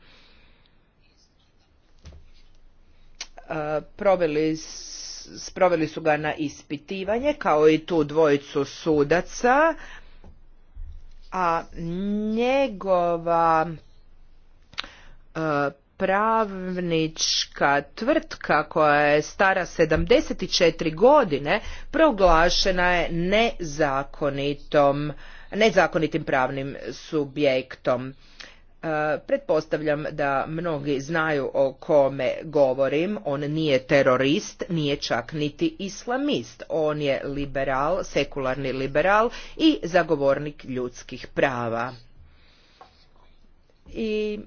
E, proveli sproveli su ga na ispitivanje kao i tu dvojicu sudaca a njegova e, pravnička tvrtka koja je stara 74 godine proglašena je nezakonitom nezakonitim pravnim subjektom E, pretpostavljam da mnogi znaju o kome govorim, on nije terorist, nije čak niti islamist, on je liberal, sekularni liberal i zagovornik ljudskih prava. I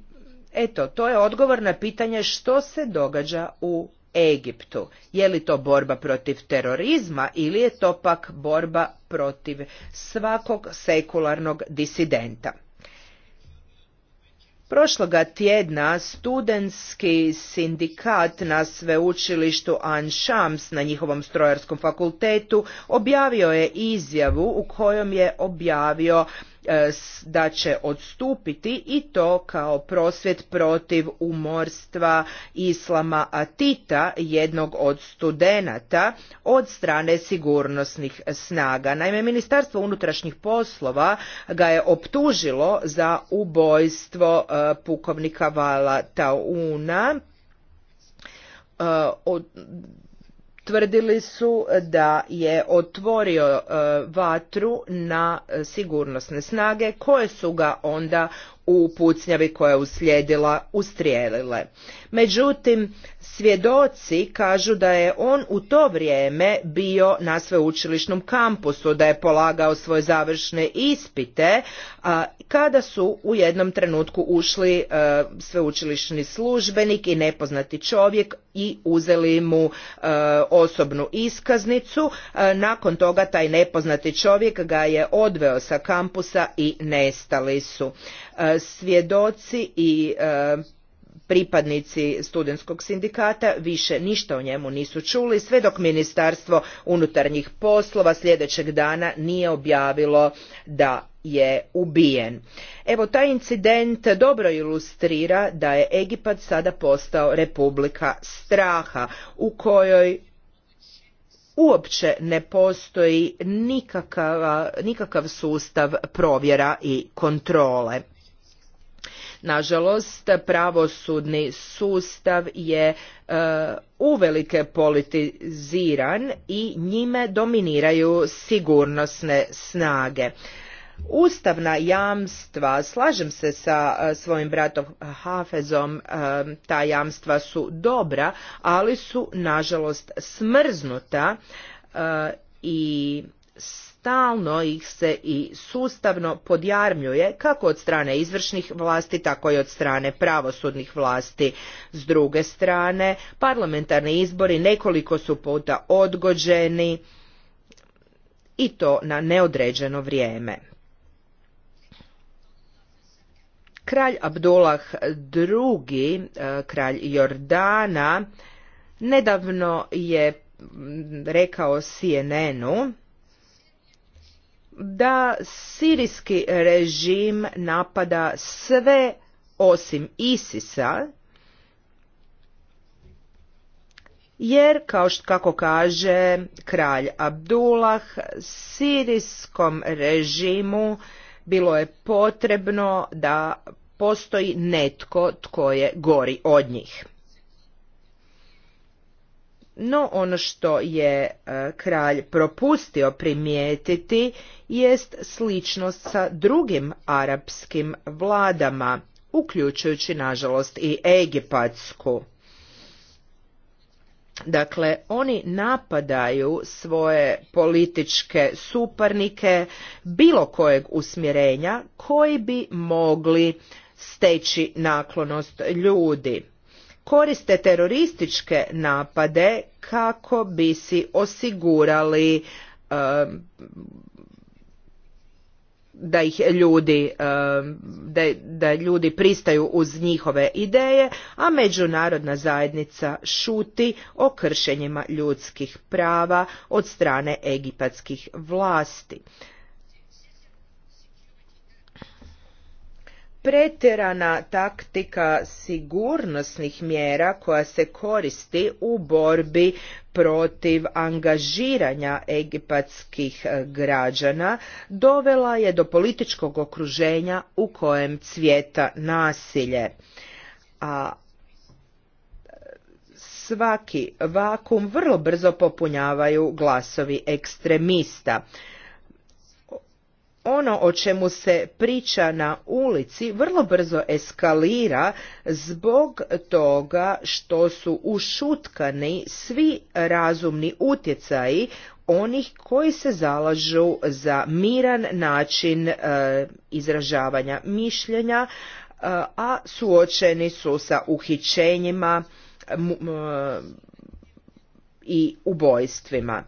eto, to je odgovor na pitanje što se događa u Egiptu. Je li to borba protiv terorizma ili je to pak borba protiv svakog sekularnog disidenta? Prošloga tjedna studentski sindikat na sveučilištu An na njihovom strojarskom fakultetu objavio je izjavu u kojom je objavio E, da će odstupiti i to kao prosvjet protiv umorstva Islama Atita, jednog od studenata, od strane sigurnosnih snaga. Naime, Ministarstvo unutrašnjih poslova ga je optužilo za ubojstvo e, pukovnika Vala Tauna, e, od tvrdili su da je otvorio e, vatru na sigurnosne snage koje su ga onda u pucnjavi koja je uslijedila ustrijelile. Međutim, svjedoci kažu da je on u to vrijeme bio na sveučilišnom kampusu, da je polagao svoje završne ispite a, kada su u jednom trenutku ušli e, sveučilišni službenik i nepoznati čovjek i uzeli mu e, osobnu iskaznicu. E, nakon toga taj nepoznati čovjek ga je odveo sa kampusa i nestali su. Svjedoci i pripadnici studentskog sindikata više ništa o njemu nisu čuli sve dok ministarstvo unutarnjih poslova sljedećeg dana nije objavilo da je ubijen. Evo taj incident dobro ilustrira da je Egipat sada postao republika straha u kojoj uopće ne postoji nikakav, nikakav sustav provjera i kontrole. Nažalost, pravosudni sustav je e, uvelike politiziran i njime dominiraju sigurnosne snage. Ustavna jamstva, slažem se sa e, svojim bratom Hafezom, e, ta jamstva su dobra, ali su nažalost smrznuta i stalno ih se i sustavno podjarmljuje kako od strane izvršnih vlasti tako i od strane pravosudnih vlasti s druge strane parlamentarni izbori nekoliko su puta odgođeni i to na neodređeno vrijeme kralj Abdullah II e, kralj Jordana nedavno je rekao CNN-u da sirijski režim napada sve osim Isisa, jer kao što kako kaže kralj Abdullah, sirijskom režimu bilo je potrebno da postoji netko tko je gori od njih no ono što je e, kralj propustio primijetiti jest sličnost sa drugim arapskim vladama, uključujući nažalost i Egipatsku. Dakle, oni napadaju svoje političke suparnike bilo kojeg usmjerenja koji bi mogli steći naklonost ljudi koriste terorističke napade kako bi si osigurali da ih ljudi da, da ljudi pristaju uz njihove ideje a međunarodna zajednica šuti o kršenjima ljudskih prava od strane egipatskih vlasti pretjerana taktika sigurnosnih mjera koja se koristi u borbi protiv angažiranja egipatskih e, građana dovela je do političkog okruženja u kojem cvjeta nasilje. A e, svaki vakum vrlo brzo popunjavaju glasovi ekstremista ono o čemu se priča na ulici vrlo brzo eskalira zbog toga što su ušutkani svi razumni utjecaji onih koji se zalažu za miran način e, izražavanja mišljenja, e, a suočeni su sa uhićenjima e, i ubojstvima.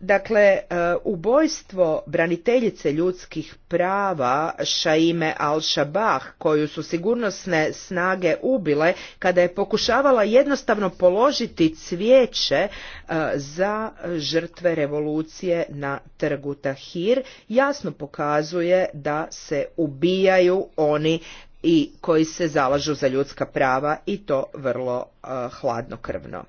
Dakle, e, ubojstvo braniteljice ljudskih prava Šaime Al-Shabah, koju su sigurnosne snage ubile kada je pokušavala jednostavno položiti cvijeće e, za žrtve revolucije na trgu Tahir, jasno pokazuje da se ubijaju oni i koji se zalažu za ljudska prava i to vrlo e, hladnokrvno.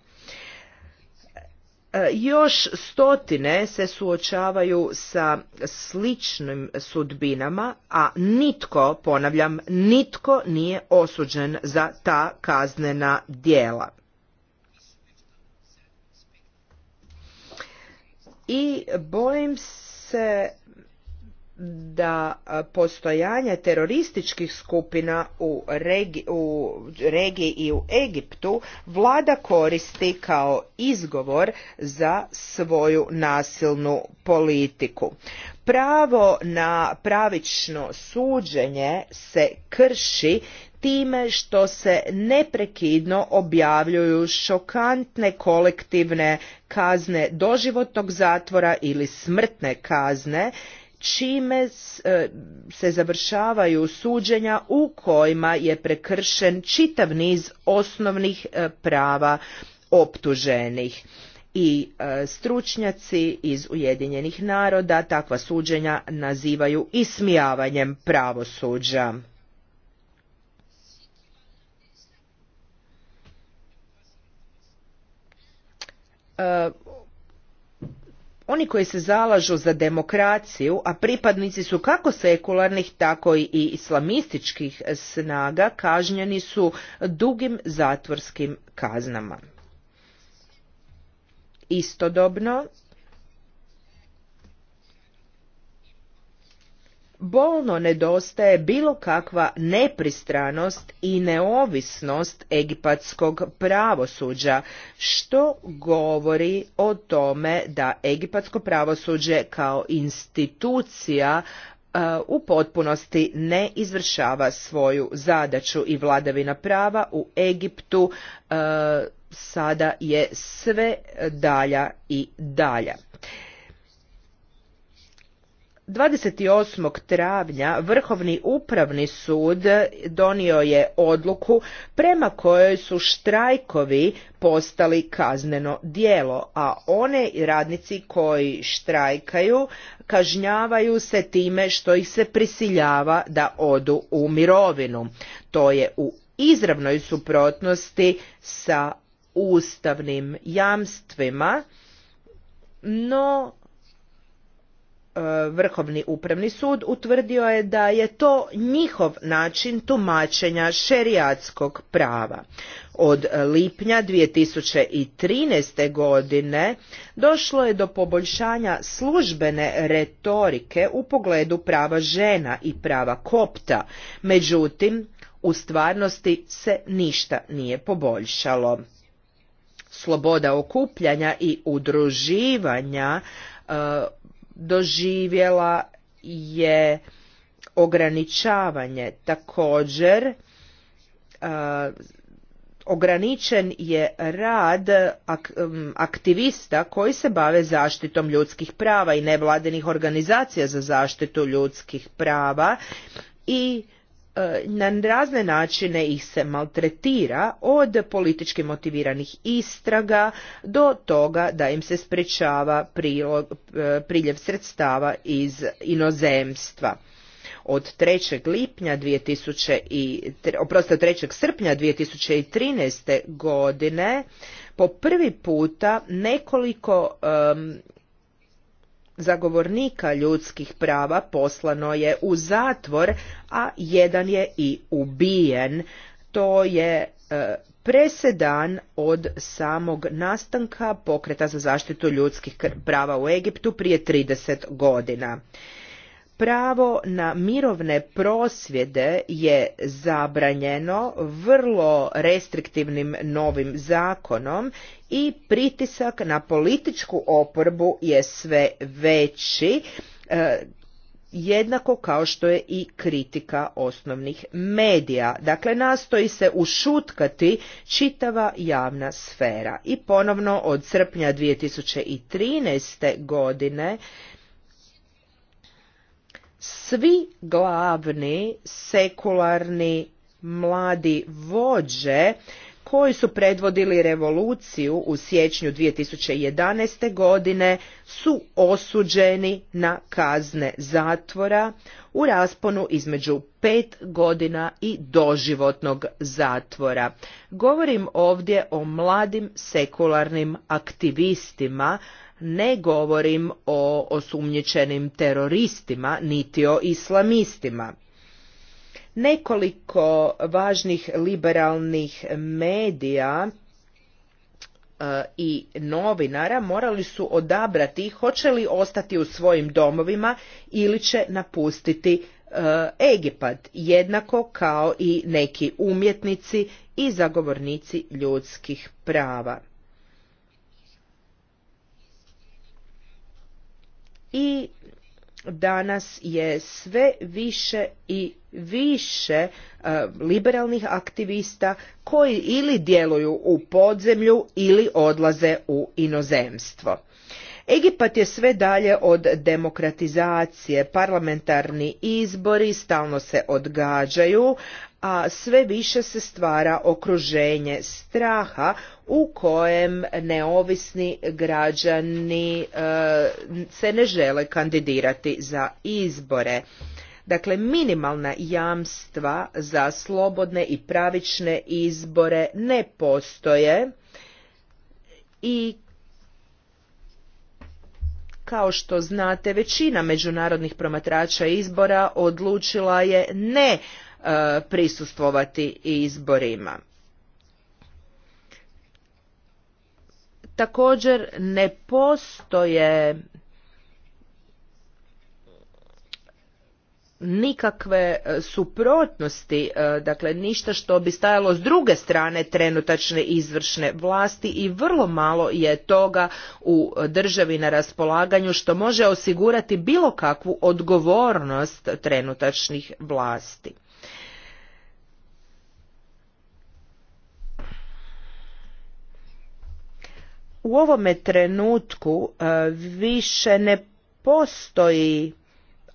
E, još stotine se suočavaju sa sličnim sudbinama, a nitko, ponavljam, nitko nije osuđen za ta kaznena djela. I bojim se da postojanje terorističkih skupina u, regiji i u Egiptu vlada koristi kao izgovor za svoju nasilnu politiku. Pravo na pravično suđenje se krši time što se neprekidno objavljuju šokantne kolektivne kazne doživotnog zatvora ili smrtne kazne čime e, se završavaju suđenja u kojima je prekršen čitav niz osnovnih e, prava optuženih i e, stručnjaci iz Ujedinjenih naroda takva suđenja nazivaju ismijavanjem pravosuđa oni koji se zalažu za demokraciju, a pripadnici su kako sekularnih, tako i islamističkih snaga, kažnjeni su dugim zatvorskim kaznama. Istodobno, bolno nedostaje bilo kakva nepristranost i neovisnost egipatskog pravosuđa, što govori o tome da egipatsko pravosuđe kao institucija e, u potpunosti ne izvršava svoju zadaću i vladavina prava u Egiptu e, sada je sve dalja i dalja. 28. travnja Vrhovni upravni sud donio je odluku prema kojoj su štrajkovi postali kazneno djelo, a one radnici koji štrajkaju kažnjavaju se time što ih se prisiljava da odu u mirovinu. To je u izravnoj suprotnosti sa ustavnim jamstvima, no E, Vrhovni upravni sud utvrdio je da je to njihov način tumačenja šerijatskog prava. Od lipnja 2013. godine došlo je do poboljšanja službene retorike u pogledu prava žena i prava kopta, međutim u stvarnosti se ništa nije poboljšalo. Sloboda okupljanja i udruživanja e, doživjela je ograničavanje. Također, ograničen je rad aktivista koji se bave zaštitom ljudskih prava i nevladinih organizacija za zaštitu ljudskih prava i E, na razne načine ih se maltretira od politički motiviranih istraga do toga da im se sprečava e, priljev sredstava iz inozemstva od 3. lipnja 2000 i, oprosto, 3. srpnja 2013. godine po prvi puta nekoliko zagovornika ljudskih prava poslano je u zatvor, a jedan je i ubijen. To je e, presedan od samog nastanka pokreta za zaštitu ljudskih prava u Egiptu prije 30 godina. Pravo na mirovne prosvjede je zabranjeno vrlo restriktivnim novim zakonom i pritisak na političku oporbu je sve veći, e, jednako kao što je i kritika osnovnih medija. Dakle, nastoji se ušutkati čitava javna sfera. I ponovno od srpnja 2013. godine svi glavni sekularni mladi vođe koji su predvodili revoluciju u siječnju 2011. godine su osuđeni na kazne zatvora u rasponu između pet godina i doživotnog zatvora. Govorim ovdje o mladim sekularnim aktivistima ne govorim o osumnjičenim teroristima niti o islamistima. Nekoliko važnih liberalnih medija e, i novinara morali su odabrati hoće li ostati u svojim domovima ili će napustiti e, Egipat, jednako kao i neki umjetnici i zagovornici ljudskih prava. i danas je sve više i više e, liberalnih aktivista koji ili djeluju u podzemlju ili odlaze u inozemstvo. Egipat je sve dalje od demokratizacije, parlamentarni izbori stalno se odgađaju, a sve više se stvara okruženje straha u kojem neovisni građani e, se ne žele kandidirati za izbore. Dakle, minimalna jamstva za slobodne i pravične izbore ne postoje i kao što znate, većina međunarodnih promatrača izbora odlučila je ne E, prisustvovati izborima. Također ne postoje nikakve suprotnosti, e, dakle ništa što bi stajalo s druge strane trenutačne izvršne vlasti i vrlo malo je toga u državi na raspolaganju što može osigurati bilo kakvu odgovornost trenutačnih vlasti. u ovome trenutku e, više ne postoji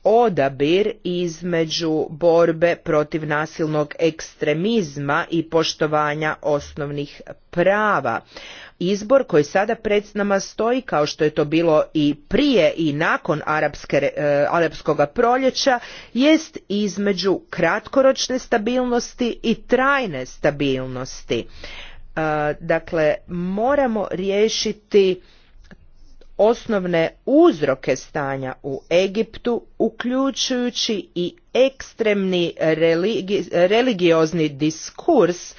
odabir između borbe protiv nasilnog ekstremizma i poštovanja osnovnih prava. Izbor koji sada pred nama stoji, kao što je to bilo i prije i nakon Arapske, e, Arapskog proljeća, jest između kratkoročne stabilnosti i trajne stabilnosti. Dakle, moramo riješiti osnovne uzroke stanja u Egiptu, uključujući i ekstremni religiozni diskurs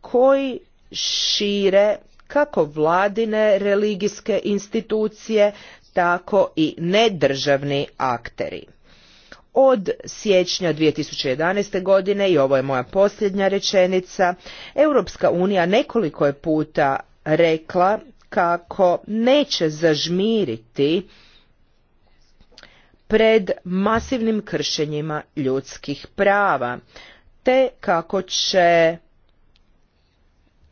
koji šire kako vladine religijske institucije, tako i nedržavni akteri od siječnja 2011. godine i ovo je moja posljednja rečenica Europska unija nekoliko je puta rekla kako neće zažmiriti pred masivnim kršenjima ljudskih prava te kako će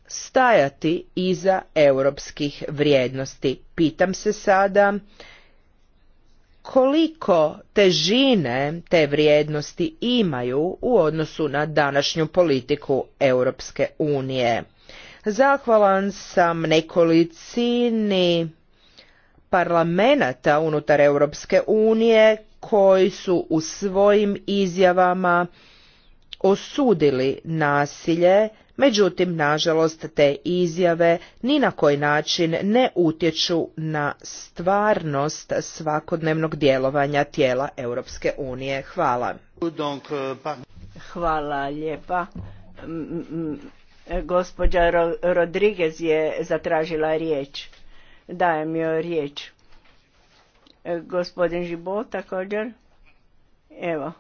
stajati iza europskih vrijednosti pitam se sada koliko težine te vrijednosti imaju u odnosu na današnju politiku Europske unije. Zahvalan sam nekolicini parlamenta unutar Europske unije koji su u svojim izjavama osudili nasilje Međutim, nažalost, te izjave ni na koji način ne utječu na stvarnost svakodnevnog djelovanja tijela Europske unije. Hvala. Hvala lijepa. Gospođa Rodriguez je zatražila riječ. Dajem joj riječ. E, gospodin Žibo također. Evo.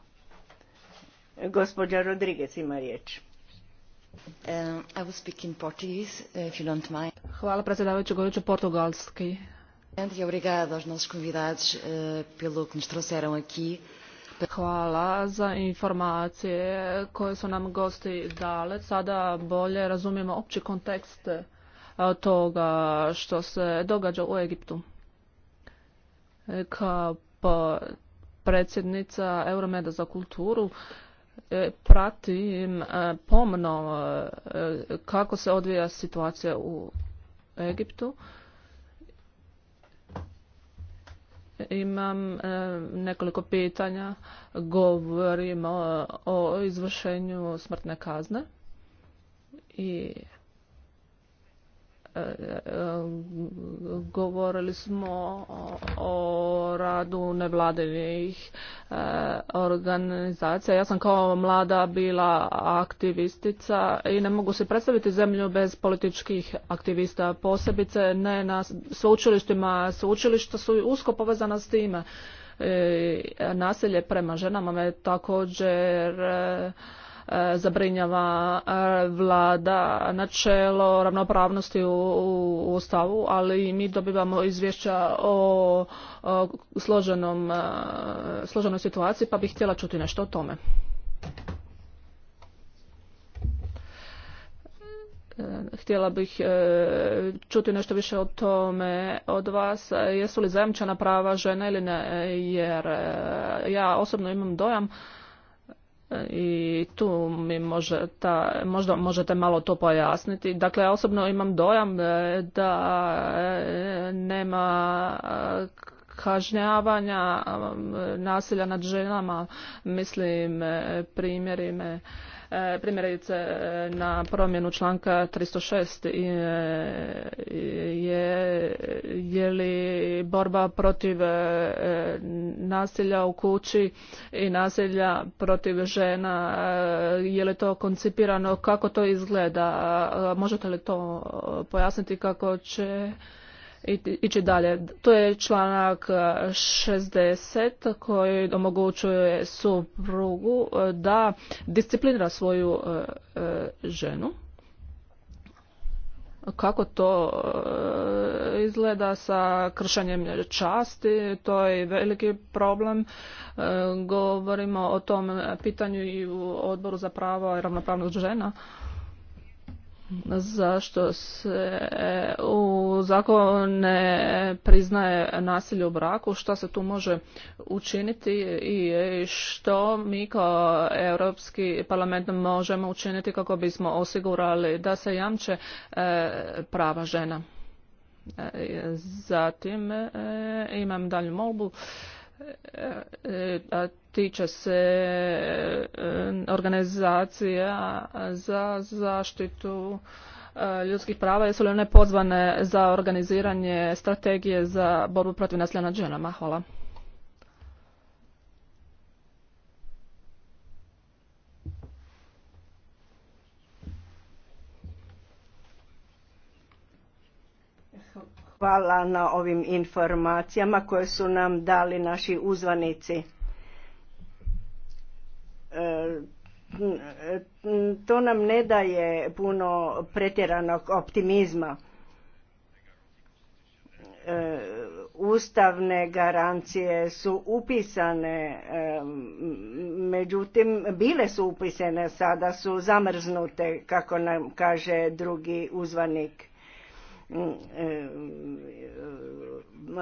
E, gospođa Rodriguez ima riječ. Hvala predsjedavajući, govorit ću portugalski. E obrigada aos nossos convidados uh, pelo que nos trouxeram aqui. Hvala za informacije koje su nam gosti dale. Sada bolje razumijemo opći kontekst uh, toga što se događa u Egiptu. E, kao predsjednica Euromeda za kulturu E, pratim e, pomno e, kako se odvija situacija u Egiptu. Imam nekoliko pitanja. govorim o izvršenju smrtne kazne i govorili smo o radu nevladinih e, organizacija. Ja sam kao mlada bila aktivistica i ne mogu se predstaviti zemlju bez političkih aktivista, posebice ne na sveučilištima. Sveučilišta su usko povezana s time. E, nasilje prema ženama me također e, E, zabrinjava e, vlada načelo ravnopravnosti u Ustavu, ali mi dobivamo izvješća o složenom, e, složenoj situaciji pa bih htjela čuti nešto o tome. Htjela bih čuti nešto više o tome od vas. Jesu li zajamčena prava žena ili ne? Jer ja osobno imam dojam i tu mi možete, možda možete malo to pojasniti. Dakle, ja osobno imam dojam e, da e, nema e, kažnjavanja nasilja nad ženama, mislim primjerime E, primjerice e, na promjenu članka 306 e, je, je li borba protiv nasilja u kući i nasilja protiv žena je li to koncipirano kako to izgleda možete li to pojasniti kako će ići dalje. To je članak 60 e, koji omogućuje suprugu e, da disciplinira svoju e, ženu. Kako to izgleda sa kršenjem časti, to je veliki problem. Govorimo o tom pitanju i u odboru za pravo i ravnopravnost žena zašto se u zakon ne priznaje nasilje u braku, što se tu može učiniti i što mi kao Europski parlament možemo učiniti kako bismo osigurali da se jamče e, prava žena. E, zatim e, imam dalju molbu a tiče se e, organizacija za zaštitu e, ljudskih prava, jesu li one pozvane za organiziranje strategije za borbu protiv nasilja nad ženama? Hvala. Hvala na ovim informacijama koje su nam dali naši uzvanici. E, to nam ne daje puno pretjeranog optimizma. E, ustavne garancije su upisane, e, međutim bile su upisane, sada su zamrznute, kako nam kaže drugi uzvanik Mm, e,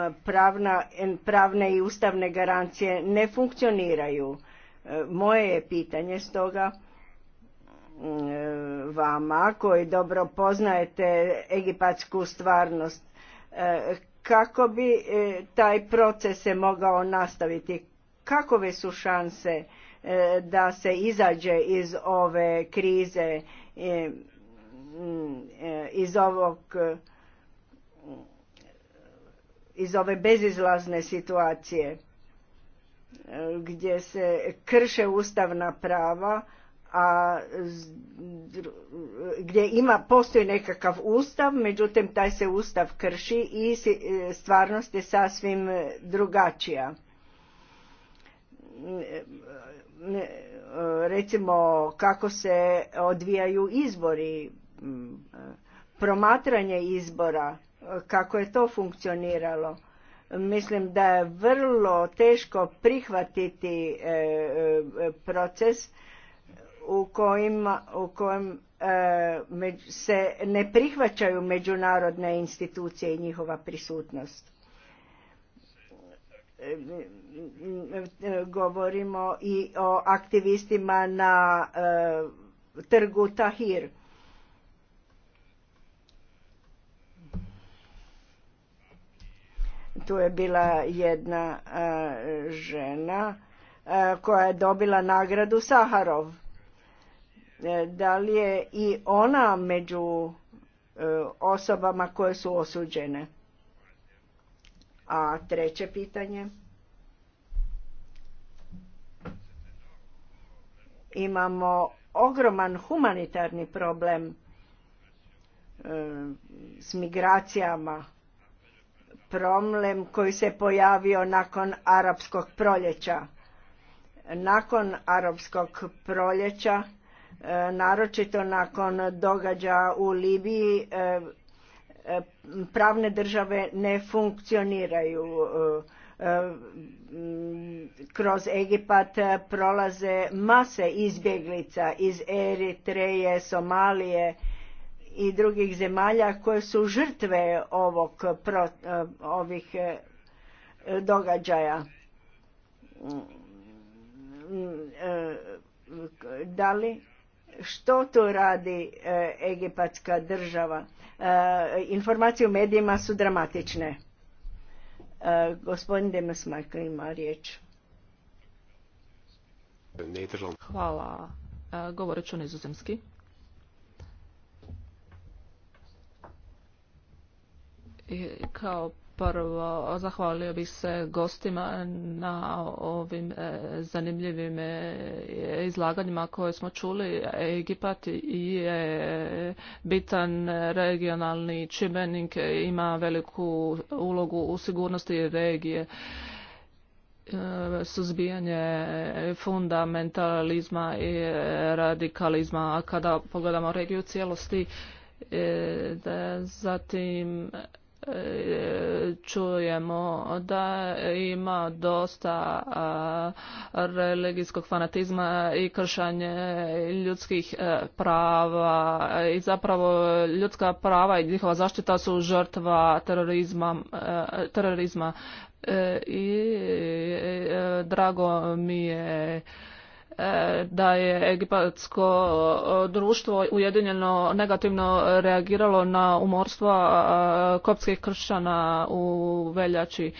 e, pravna, pravne i ustavne garancije ne funkcioniraju. E, moje je pitanje stoga mm, vama koji dobro poznajete egipatsku stvarnost kako bi taj proces se mogao nastaviti kakove su šanse da se izađe iz ove krize mm, iz ovog iz ove bezizlazne situacije e, gdje se krše ustavna prava a gdje ima postoji nekakav ustav međutim taj se ustav krši i e, stvarnost je sasvim drugačija e, recimo kako se odvijaju izbori promatranje izbora kako je to funkcioniralo. Mislim da je vrlo teško prihvatiti e, e, proces u kojem e, se ne prihvaćaju međunarodne institucije i njihova prisutnost. Govorimo i o aktivistima na trgu Tahir tu je bila jedna e, žena e, koja je dobila nagradu Saharov. E, da li je i ona među osobama koje su osuđene? A treće pitanje. Imamo ogroman humanitarni problem s migracijama problem koji se pojavio nakon arapskog proljeća. Nakon arapskog proljeća, e, naročito nakon događa u Libiji, e, e, pravne države ne funkcioniraju. Kroz Egipat prolaze mase izbjeglica iz Eritreje, Somalije, i drugih zemalja koje su žrtve ovog, e, ovih e, događaja. E, da li što to radi egipatska država? Informacije u medijima su dramatične. Gospodin Demes ima riječ. Hvala. Govorit ću Kao prvo zahvalio bih se gostima na ovim e, zanimljivim e, izlaganjima koje smo čuli. Egipat je bitan regionalni čimbenik, ima veliku ulogu u sigurnosti regije e, suzbijanje fundamentalizma i radikalizma a kada pogledamo regiju cijelosti zatim čujemo da ima dosta religijskog fanatizma i kršanje ljudskih e, prava i zapravo ljudska prava i njihova zaštita su žrtva terorizma, e, terorizma. E, i drago mi je da je egipatsko e, društvo ujedinjeno negativno reagiralo na umorstva e, kopskih kršćana u veljači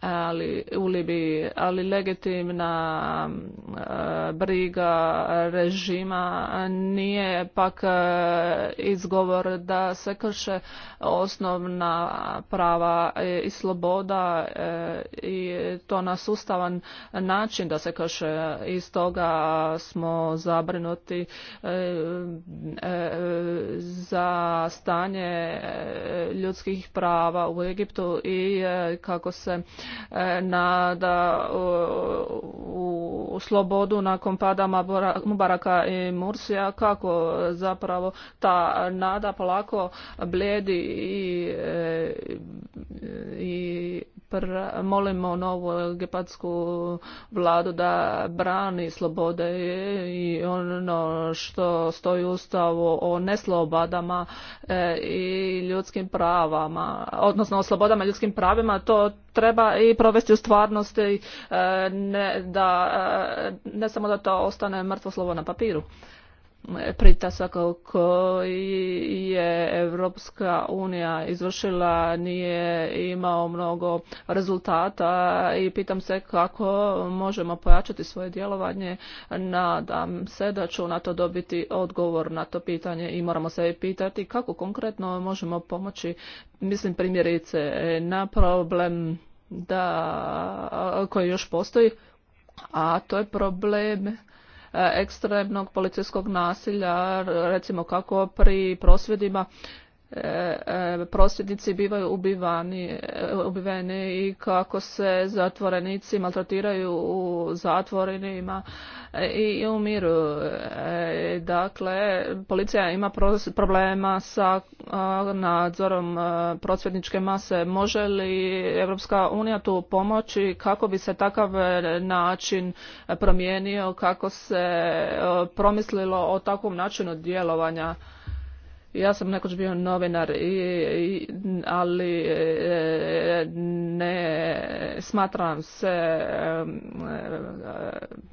ali u Libiji, ali legitimna eh, briga režima nije pak eh, izgovor da se krše osnovna prava i sloboda eh, i to na sustavan način da se krše. Iz toga smo zabrinuti za stanje ljudskih prava u Egiptu i kako se E, da u slobodu nakon pada Mubaraka i Mursija kako zapravo ta nada polako bledi e, i, i molimo novu egipatsku vladu da brani slobode i ono što stoji u ustavu o neslobodama e, i ljudskim pravama, odnosno o slobodama i ljudskim pravima, to treba i provesti u stvarnosti, e, ne, da, e, ne samo da to ostane mrtvo slovo na papiru pritasak koji je Europska unija izvršila nije imao mnogo rezultata i pitam se kako možemo pojačati svoje djelovanje. Nadam se da ću na to dobiti odgovor na to pitanje i moramo se pitati kako konkretno možemo pomoći, mislim primjerice, na problem da, koji još postoji, a to je problem ekstremnog policijskog nasilja, recimo kako pri prosvjedima prosvjednici bivaju ubiveni i kako se zatvorenici maltretiraju u zatvorenima i umiru. E, dakle, policija ima problema sa nadzorom prosvjedničke mase. Može li Europska unija tu pomoći kako bi se takav način promijenio, kako se e, promislilo o takvom načinu djelovanja? Ja sam nekoć bio novinar, i, ali e, ne smatram se e,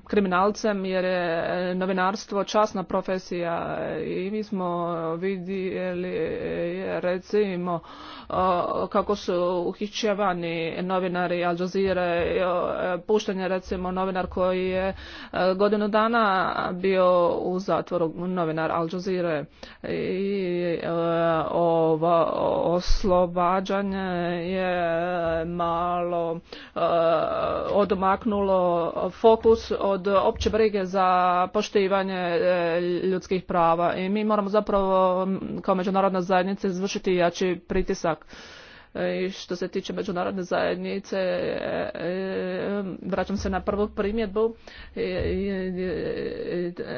kriminalcem jer je novinarstvo časna profesija i mi smo vidjeli recimo kako su uhićevani novinari Al Jazeera, puštenje recimo novinar koji je e, godinu dana bio u zatvoru, novinar Al Jazeera i Eh, ova oslobađanje je malo eh, odmaknulo fokus od opće brige za poštivanje eh, ljudskih prava i mi moramo zapravo mm, kao međunarodna zajednica izvršiti jači pritisak E, i što se tiče međunarodne zajednice e, e, vraćam se na prvu primjedbu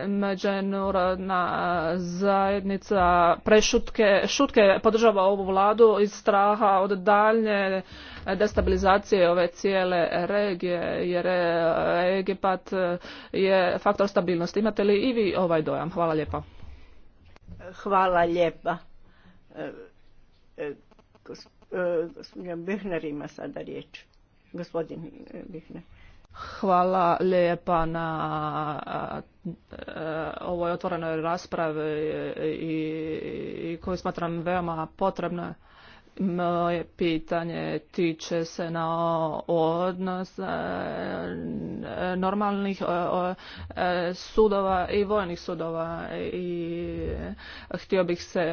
međunarodna zajednica prešutke šutke podržava ovu vladu iz straha od daljnje destabilizacije ove cijele regije jer Egipat je faktor stabilnosti. Imate li i vi ovaj dojam? Hvala lijepa. Hvala lijepa. Bihner ima sada riječ. Gospodin eh, Bihner. Hvala lijepa na eh, ovoj otvorenoj raspravi i koju smatram veoma potrebno moje pitanje tiče se na odnos eh, normalnih eh, eh, sudova i vojnih sudova i htio bih se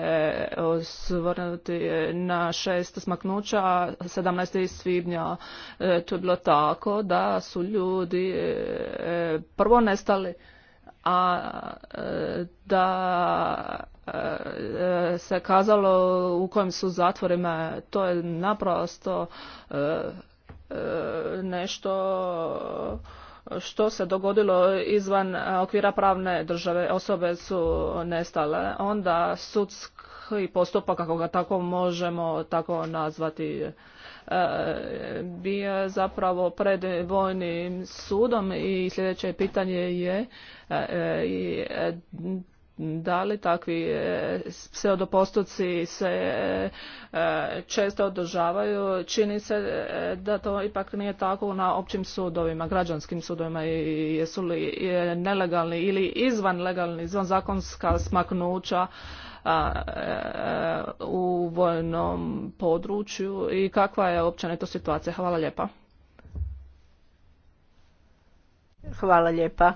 osvrnuti na šest smaknuća 17. svibnja to je bilo tako da su ljudi prvo nestali a da E, e, se kazalo u kojim su zatvorima. To je naprosto e, nešto što se dogodilo izvan okvira pravne države. Osobe su nestale. Onda sudski postupak, ako ga tako možemo tako nazvati, bio zapravo pred vojnim sudom i sljedeće pitanje je da li takvi e, pseudopostoci se e, e, često održavaju, čini se da to ipak nije tako na općim sudovima, građanskim sudovima i jesu li nelegalni ili izvan legalni, izvan zakonska smaknuća u vojnom području i kakva je općenito situacija. Hvala lijepa. Hvala lijepa.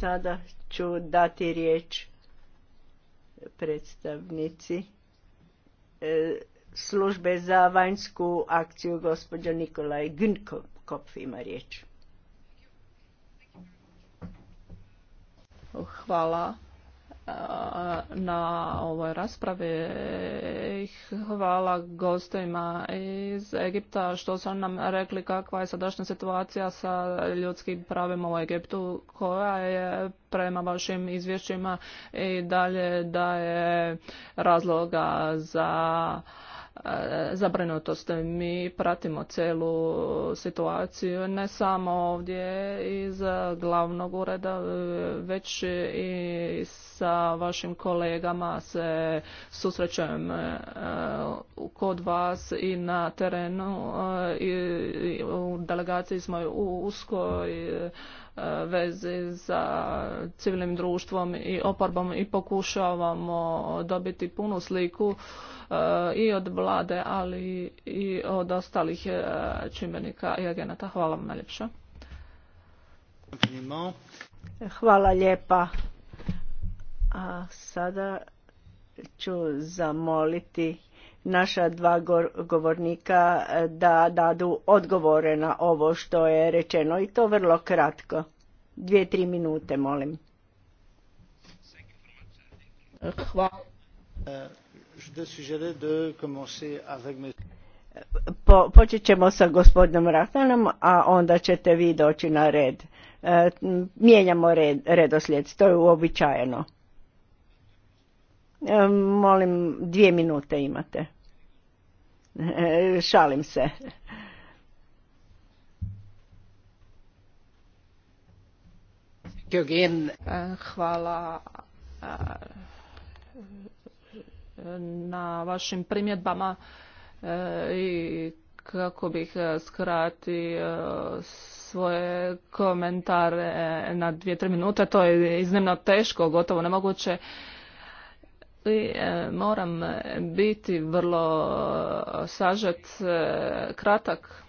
Sada ću dati riječ predstavnici e, službe za vanjsku akciju gospođa Nikolaj Gnkopf ima riječ. Hvala na ovoj raspravi. Hvala gostima iz Egipta što su nam rekli kakva je sadašnja situacija sa ljudskim pravima u Egiptu koja je prema vašim izvješćima i dalje daje razloga za E, zabrinutost. Mi pratimo celu situaciju ne samo ovdje iz glavnog ureda, e, već i sa vašim kolegama se susrećujem e, kod vas i na terenu. I u delegaciji smo u uskoj Eh, vezi sa civilnim društvom i oporbom i pokušavamo dobiti punu sliku eh, i od vlade, ali i od ostalih eh, čimbenika i agenata. Hvala vam najljepša. Hvala lijepa. A sada ću zamoliti naša dva govornika eh, da dadu odgovore na ovo što je rečeno i to vrlo kratko. Dvije, tri minute, molim. Hvala. Eh, počet ćemo sa gospodinom Rahmanom, a onda ćete vi doći na red. Eh, mijenjamo redoslijed, to je uobičajeno. molim, dvije minute imate. E, šalim se. E, hvala e, na vašim primjedbama i kako bih skrati svoje komentare na dvije, tri minute. To je iznimno teško, gotovo nemoguće i e, moram biti vrlo e, sažet, e, kratak.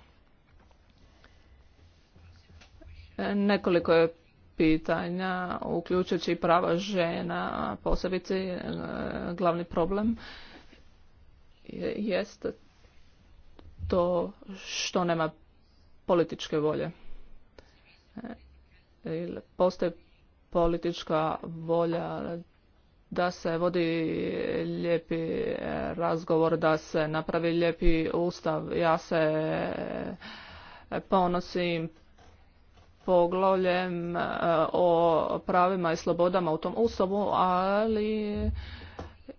Nekoliko je pitanja, uključujući prava žena, posebice glavni problem jest to što nema političke volje. Postoji politička volja, da se vodi lijepi e, razgovor, da se napravi lijepi ustav. Ja se e, ponosim poglavljem e, o pravima i slobodama u tom ustavu, ali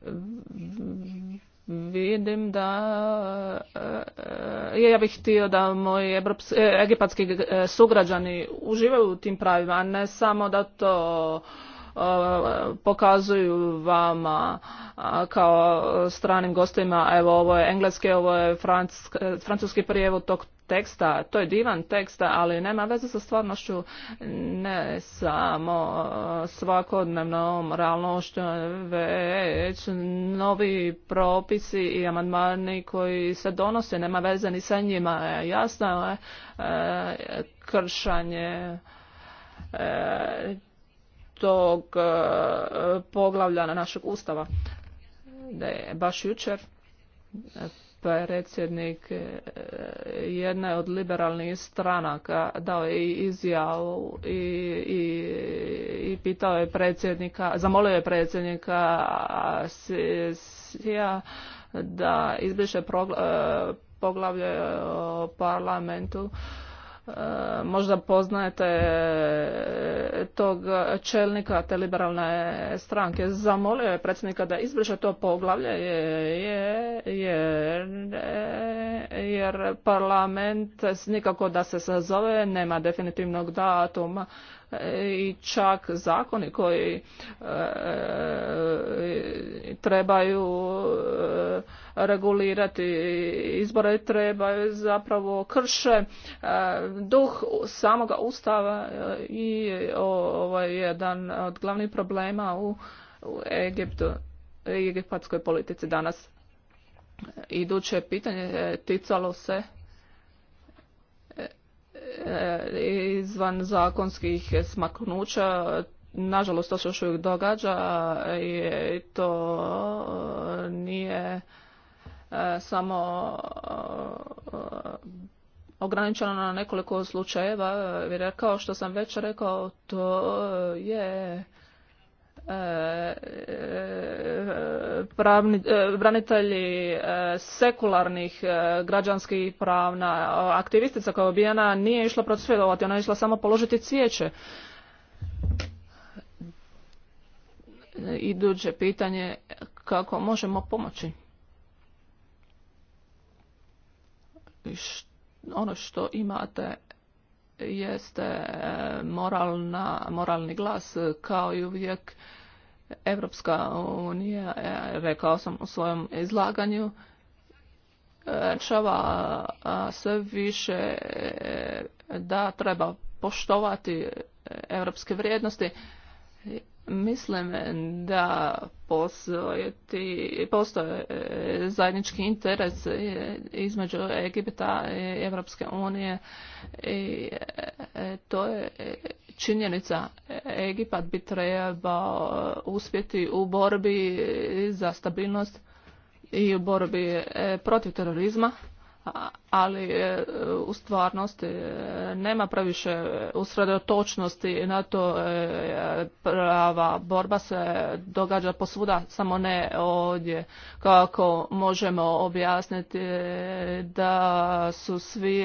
mm, vidim da ja bih htio da moji egipatski sugrađani uživaju u tim pravima, a ne samo da to E, pokazuju vama kao stranim gostima. Evo, ovo je engleski, ovo je francuski, prijevod tog teksta, to je divan teksta, ali nema veze sa stvarnošću, ne samo svakodnevnom realnošću, već novi propisi i amandmani koji se donose, nema veze ni sa njima, jasno je e, kršanje e, tog e, poglavlja našeg ustava. Da je baš jučer pa predsjednik e, jedne od liberalnih stranaka dao je izjavu i, i, pitao je predsjednika, zamolio je predsjednika Sija da izbriše e, poglavlje o parlamentu E, možda poznajete e, tog čelnika te liberalne stranke. Zamolio je predsjednika da izbriše to poglavlje jer, jer parlament nikako da se sazove, nema definitivnog datuma i čak zakoni koji e, e, trebaju e, regulirati izbore trebaju zapravo krše duh samoga ustava i ovo je jedan od glavnih problema u Egiptu, egipatskoj politici danas. Iduće pitanje ticalo se Eh, izvan zakonskih smaknuća. Nažalost, to se još uvijek događa i to eh, nije eh, samo ograničeno na nekoliko slučajeva, kao što sam već rekao, to je Pravni, e, branitelji e, sekularnih e, građanskih pravna aktivistica koja je ubijena nije išla prosvjedovati, ona je išla samo položiti cvijeće. Iduće pitanje kako možemo pomoći. Ono što imate jeste e, moralna, moralni glas e, kao i uvijek Evropska unija, e, rekao sam u svojom izlaganju, čava sve više da treba poštovati evropske vrijednosti Mislim da postoje, ti, e, zajednički interes e, između Egipta i Evropske unije i e, to je činjenica. Egipat bi trebao uspjeti u borbi za stabilnost i u borbi protiv terorizma ali e, u stvarnosti e, nema previše usredotočnosti na to e, prava borba se događa posvuda samo ne ovdje kako možemo objasniti da su svi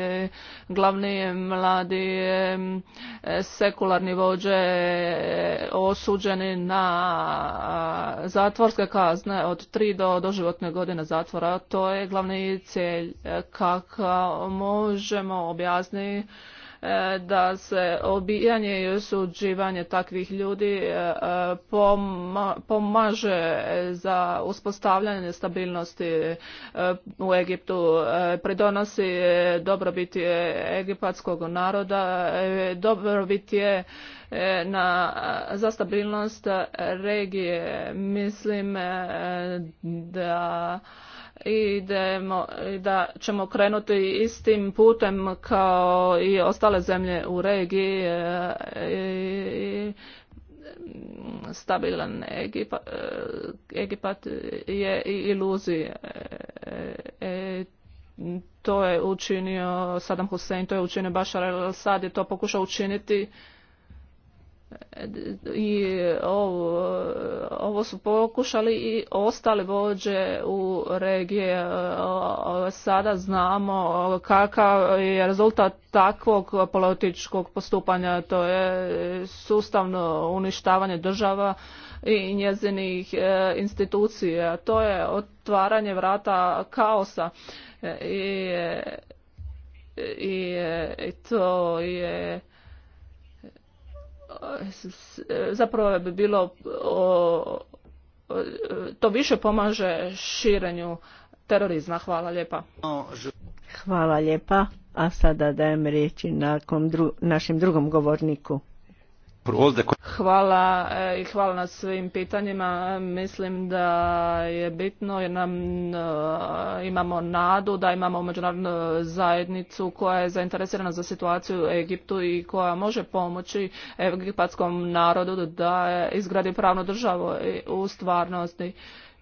glavni mladi sekularni vođe osuđeni na zatvorske kazne od tri do doživotne godine zatvora to je glavni cilj kako možemo objasniti e, da se obijanje i osuđivanje takvih ljudi e, e, pomaže za uspostavljanje stabilnosti u Egiptu, pridonosi dobrobiti egipatskog naroda, dobrobit je na, za stabilnost regije. Mislim da idemo, da ćemo krenuti istim putem kao i ostale zemlje u regiji e, i stabilan Egipat, e, Egipat je iluzija. E, to je učinio Saddam Hussein, to je učinio Bashar al-Assad je to pokušao učiniti i ovo, ovo su pokušali i ostale vođe u regije. Sada znamo kakav je rezultat takvog političkog postupanja. To je sustavno uništavanje država i njezinih e, institucija. To je otvaranje vrata kaosa. E, I, e, i to je zapravo bi bilo to više pomaže širenju terorizma. Hvala lijepa. Hvala lijepa. A sada dajem riječi našem drugom govorniku. Hvala e, i hvala na svim pitanjima. E, mislim da je bitno jer nam e, imamo nadu da imamo međunarodnu zajednicu koja je zainteresirana za situaciju u Egiptu i koja može pomoći egipatskom narodu da izgradi pravnu državu u stvarnosti.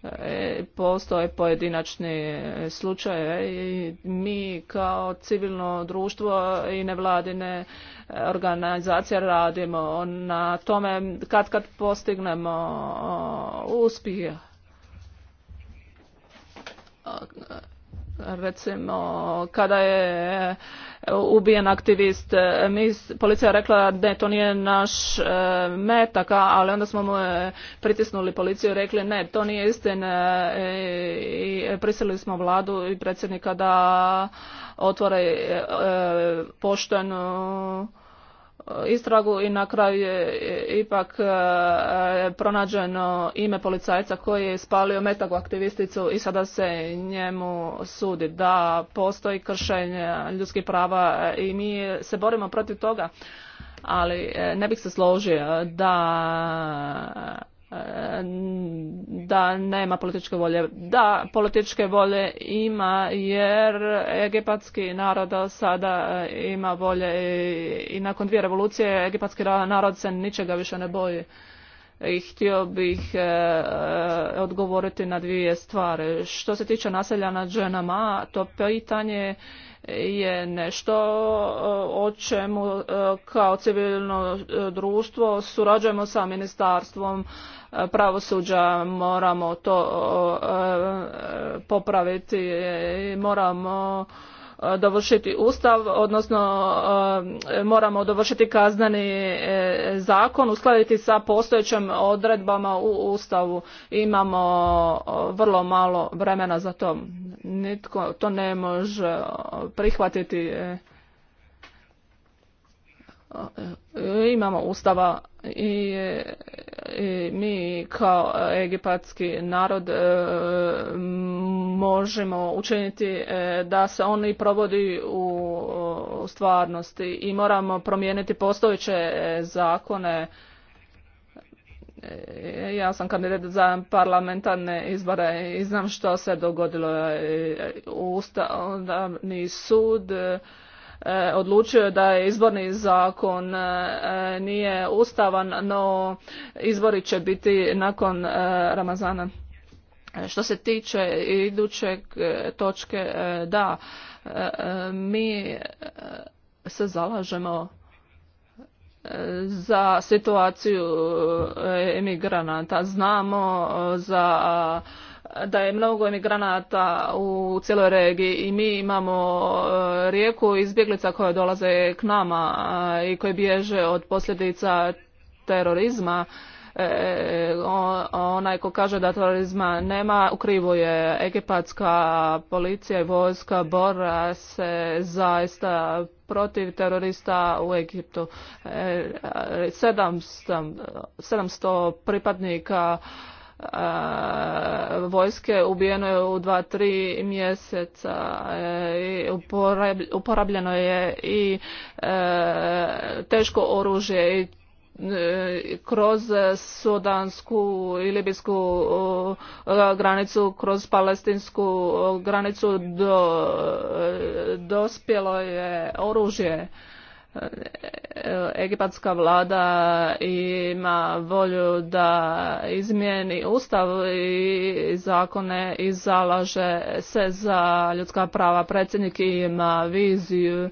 E, postoje pojedinačni e, slučaje i mi kao civilno društvo i nevladine organizacije radimo na tome kad kad postignemo uspjeh recimo kada je ubijen aktivist. E, mi, policija rekla ne, to nije naš e, metak, ali onda smo mu e, pritisnuli policiju i rekli ne, to nije istina i prisilili smo vladu i predsjednika da otvore poštenu E, istragu i na kraju je e, ipak e, pronađeno ime policajca koji je spalio metagu aktivisticu i sada se njemu sudi da postoji kršenje ljudskih prava i mi se borimo protiv toga ali ne bih se složio da da nema političke volje. Da, političke volje ima jer egipatski narod sada eh, ima volje i, i nakon dvije revolucije egipatski narod se ničega više ne boji i htio bih e, e, odgovoriti na dvije stvari. Što se tiče naselja nad ženama, to pitanje je nešto e, o čemu kao civilno društvo surađujemo sa ministarstvom pravosuđa moramo to popraviti moramo dovršiti ustav, odnosno e, moramo dovršiti kazneni e, zakon, uskladiti sa postojećim odredbama u ustavu. Imamo e, vrlo malo vremena za to. Nitko to ne može prihvatiti E, imamo ustava i, mi kao egipatski narod e, možemo učiniti e, da se on i provodi u stvarnosti i moramo promijeniti postojeće zakone ja sam kandidat za parlamentarne izbore i znam što se dogodilo ustavni sud E, odlučio da je izborni zakon e, nije ustavan, no izbori će biti nakon e, Ramazana. Što se tiče idućeg točke, da, mi se zalažemo za situaciju emigranata. Znamo za da je mnogo emigranata u cijeloj regiji i mi imamo e, rijeku izbjeglica koje dolaze k nama e, i koje bježe od posljedica terorizma. E, onaj ko kaže da terorizma nema, ukrivo je egipatska policija i vojska bora se zaista protiv terorista u Egiptu. 700 pripadnika Eh, vojske ubijeno je u dva, tri mjeseca eh, i uporabljeno je i eh, teško oružje i kroz sudansku i libijsku granicu, kroz palestinsku granicu do, dospjelo je oružje E, e, egipatska vlada ima volju da izmijeni ustav i zakone i zalaže se za ljudska prava. Predsjednik ima viziju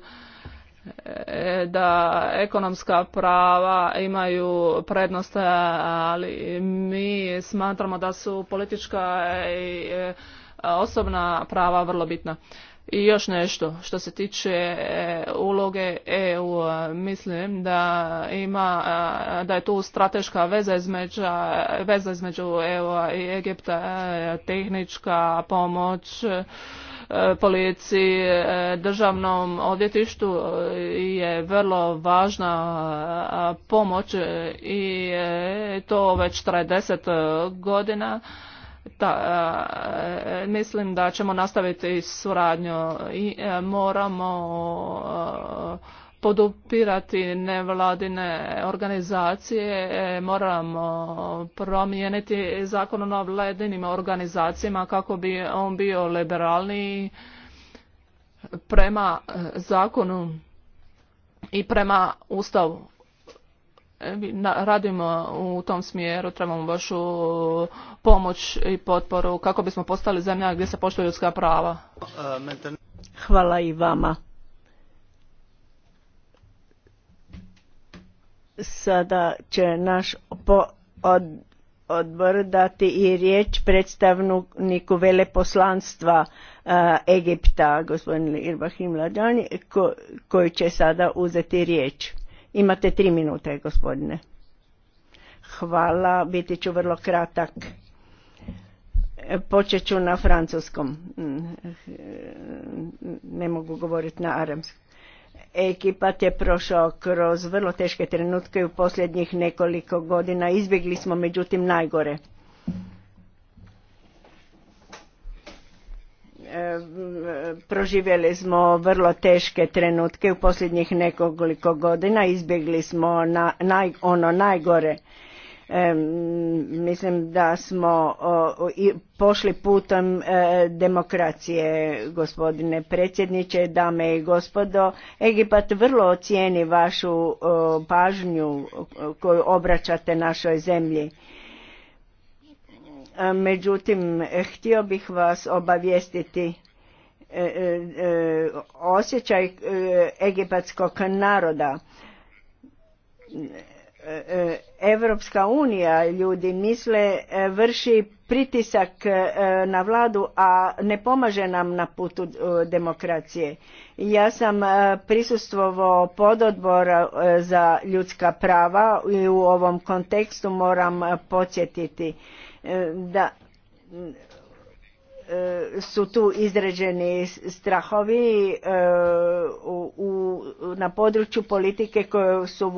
e, da ekonomska prava imaju prednost, ali mi smatramo da su politička i osobna prava vrlo bitna. I još nešto što se tiče e, uloge EU, e, mislim da ima, da je tu strateška veza između, veza između EU i Egipta, e, tehnička pomoć, policiji, državnom odvjetištu je vrlo važna pomoć i to već 30 godina da, e, mislim da ćemo nastaviti suradnju i e, moramo e, podupirati nevladine organizacije, moramo promijeniti zakon o nevladinim organizacijama kako bi on bio liberalniji prema zakonu i prema ustavu E, radimo u tom smjeru, trebamo vašu pomoć i potporu kako bismo postali zemlja gdje se poštuju ljudska prava. Hvala i vama. Sada će naš odbor dati i riječ predstavniku veleposlanstva e, Egipta, gospodin Irbahim Ladjani, koji će sada uzeti riječ. Imate tri minute, gospodine. Hvala, biti ću vrlo kratak. Počet ću na francuskom. Ne mogu govoriti na aramskom. Ekipat je prošao kroz vrlo teške trenutke u posljednjih nekoliko godina. Izbjegli smo međutim najgore E, proživjeli smo vrlo teške trenutke u posljednjih nekoliko godina, izbjegli smo na, ono najgore. E, mislim da smo i pošli putom e, demokracije, gospodine predsjedniče, dame i gospodo. Egipat vrlo ocijeni vašu pažnju koju obraćate našoj zemlji Međutim, htio bih vas obavijestiti e, e, e, osjećaj egipatskog naroda. Evropska unija, ljudi misle, vrši pritisak na vladu, a ne pomaže nam na putu demokracije. Ja sam prisustvovao pododbor za ljudska prava i u ovom kontekstu moram podsjetiti E, da e, su tu izređeni strahovi e, na području politike koju su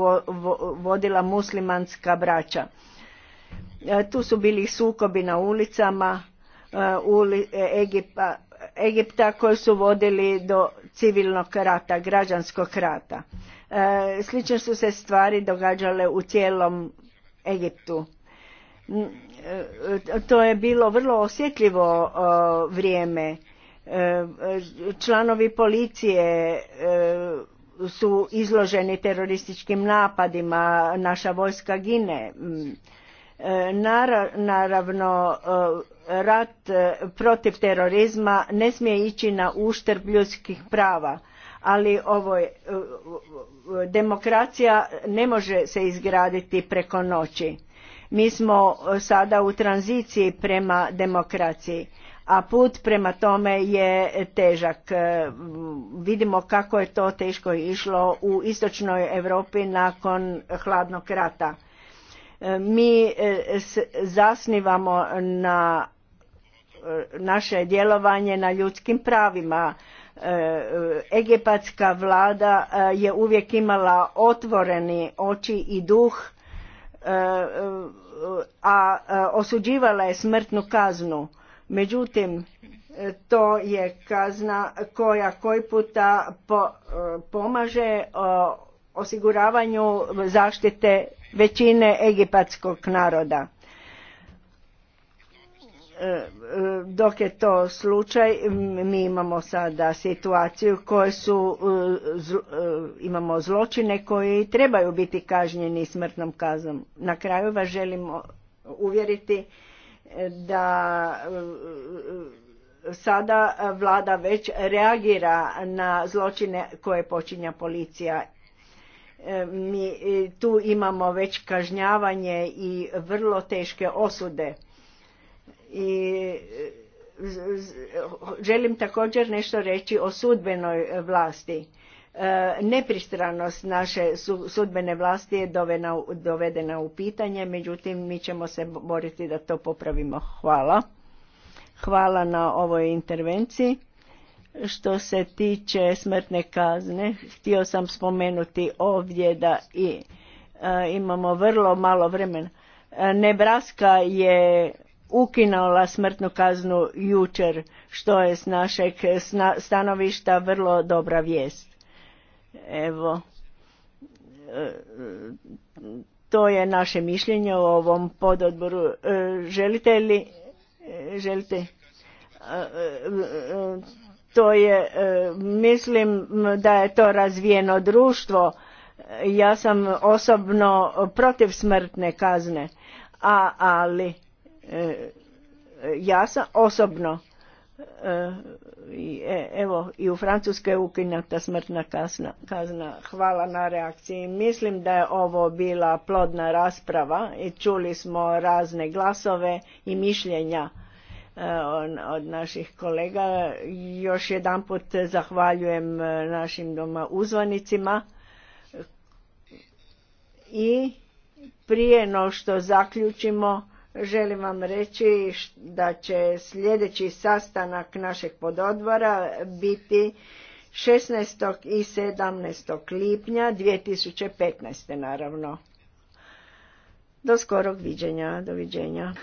vodila muslimanska braća. Tu su bili sukobi na ulicama Egipta koji su vodili do civilnog rata, građanskog rata. Slične su se stvari događale u cijelom Egiptu E, to je bilo vrlo osjetljivo e, vrijeme e, članovi policije su izloženi terorističkim napadima naša vojska gine mm. naravno rat protiv terorizma ne smije ići na uštrb ljudskih prava ali ovo je, demokracija ne može se izgraditi preko noći mi smo e, sada u tranziciji prema demokraciji, a put prema tome je težak. E, vidimo kako je to teško išlo u istočnoj Europi nakon hladnog rata. E, mi zasnivamo na naše djelovanje na ljudskim pravima. Egipatska vlada je uvijek imala otvoreni oči i duh a osuđivala je smrtnu kaznu. Međutim, to je kazna koja koji puta pomaže osiguravanju zaštite većine egipatskog naroda dok je to slučaj mi imamo sada situaciju koje su e, e, imamo zločine koji trebaju biti kažnjeni smrtnom kaznom na kraju vas želimo uvjeriti e, da sada vlada već reagira na zločine koje počinja policija mi tu imamo već kažnjavanje i vrlo teške osude i e, želim također nešto reći o sudbenoj vlasti e, nepristranost naše sudbene vlasti je dovedena u pitanje međutim mi ćemo se boriti da to popravimo hvala hvala na ovoj intervenciji što se tiče smrtne kazne htio sam spomenuti ovdje da i e, imamo vrlo malo vremena nebraska je ukinula smrtnu kaznu jučer, što je s našeg stanovišta vrlo dobra vijest. Evo, e, to je naše mišljenje o ovom pododboru. E, želite li, e, želite, to je, mislim da je to razvijeno društvo, ja sam osobno protiv smrtne kazne, a, ali E, ja sam osobno e, e, evo i u Francuskoj je ukinuta smrtna kazna, kazna. Hvala na reakciji. Mislim da je ovo bila plodna rasprava i čuli smo razne glasove i mišljenja od naših kolega. Još jedanput zahvaljujem našim doma uzvanicima i prije no što zaključimo Želim vam reći da će sljedeći sastanak našeg pododvora biti 16. i 17. lipnja 2015. naravno. Do skorog viđenja, doviđenja.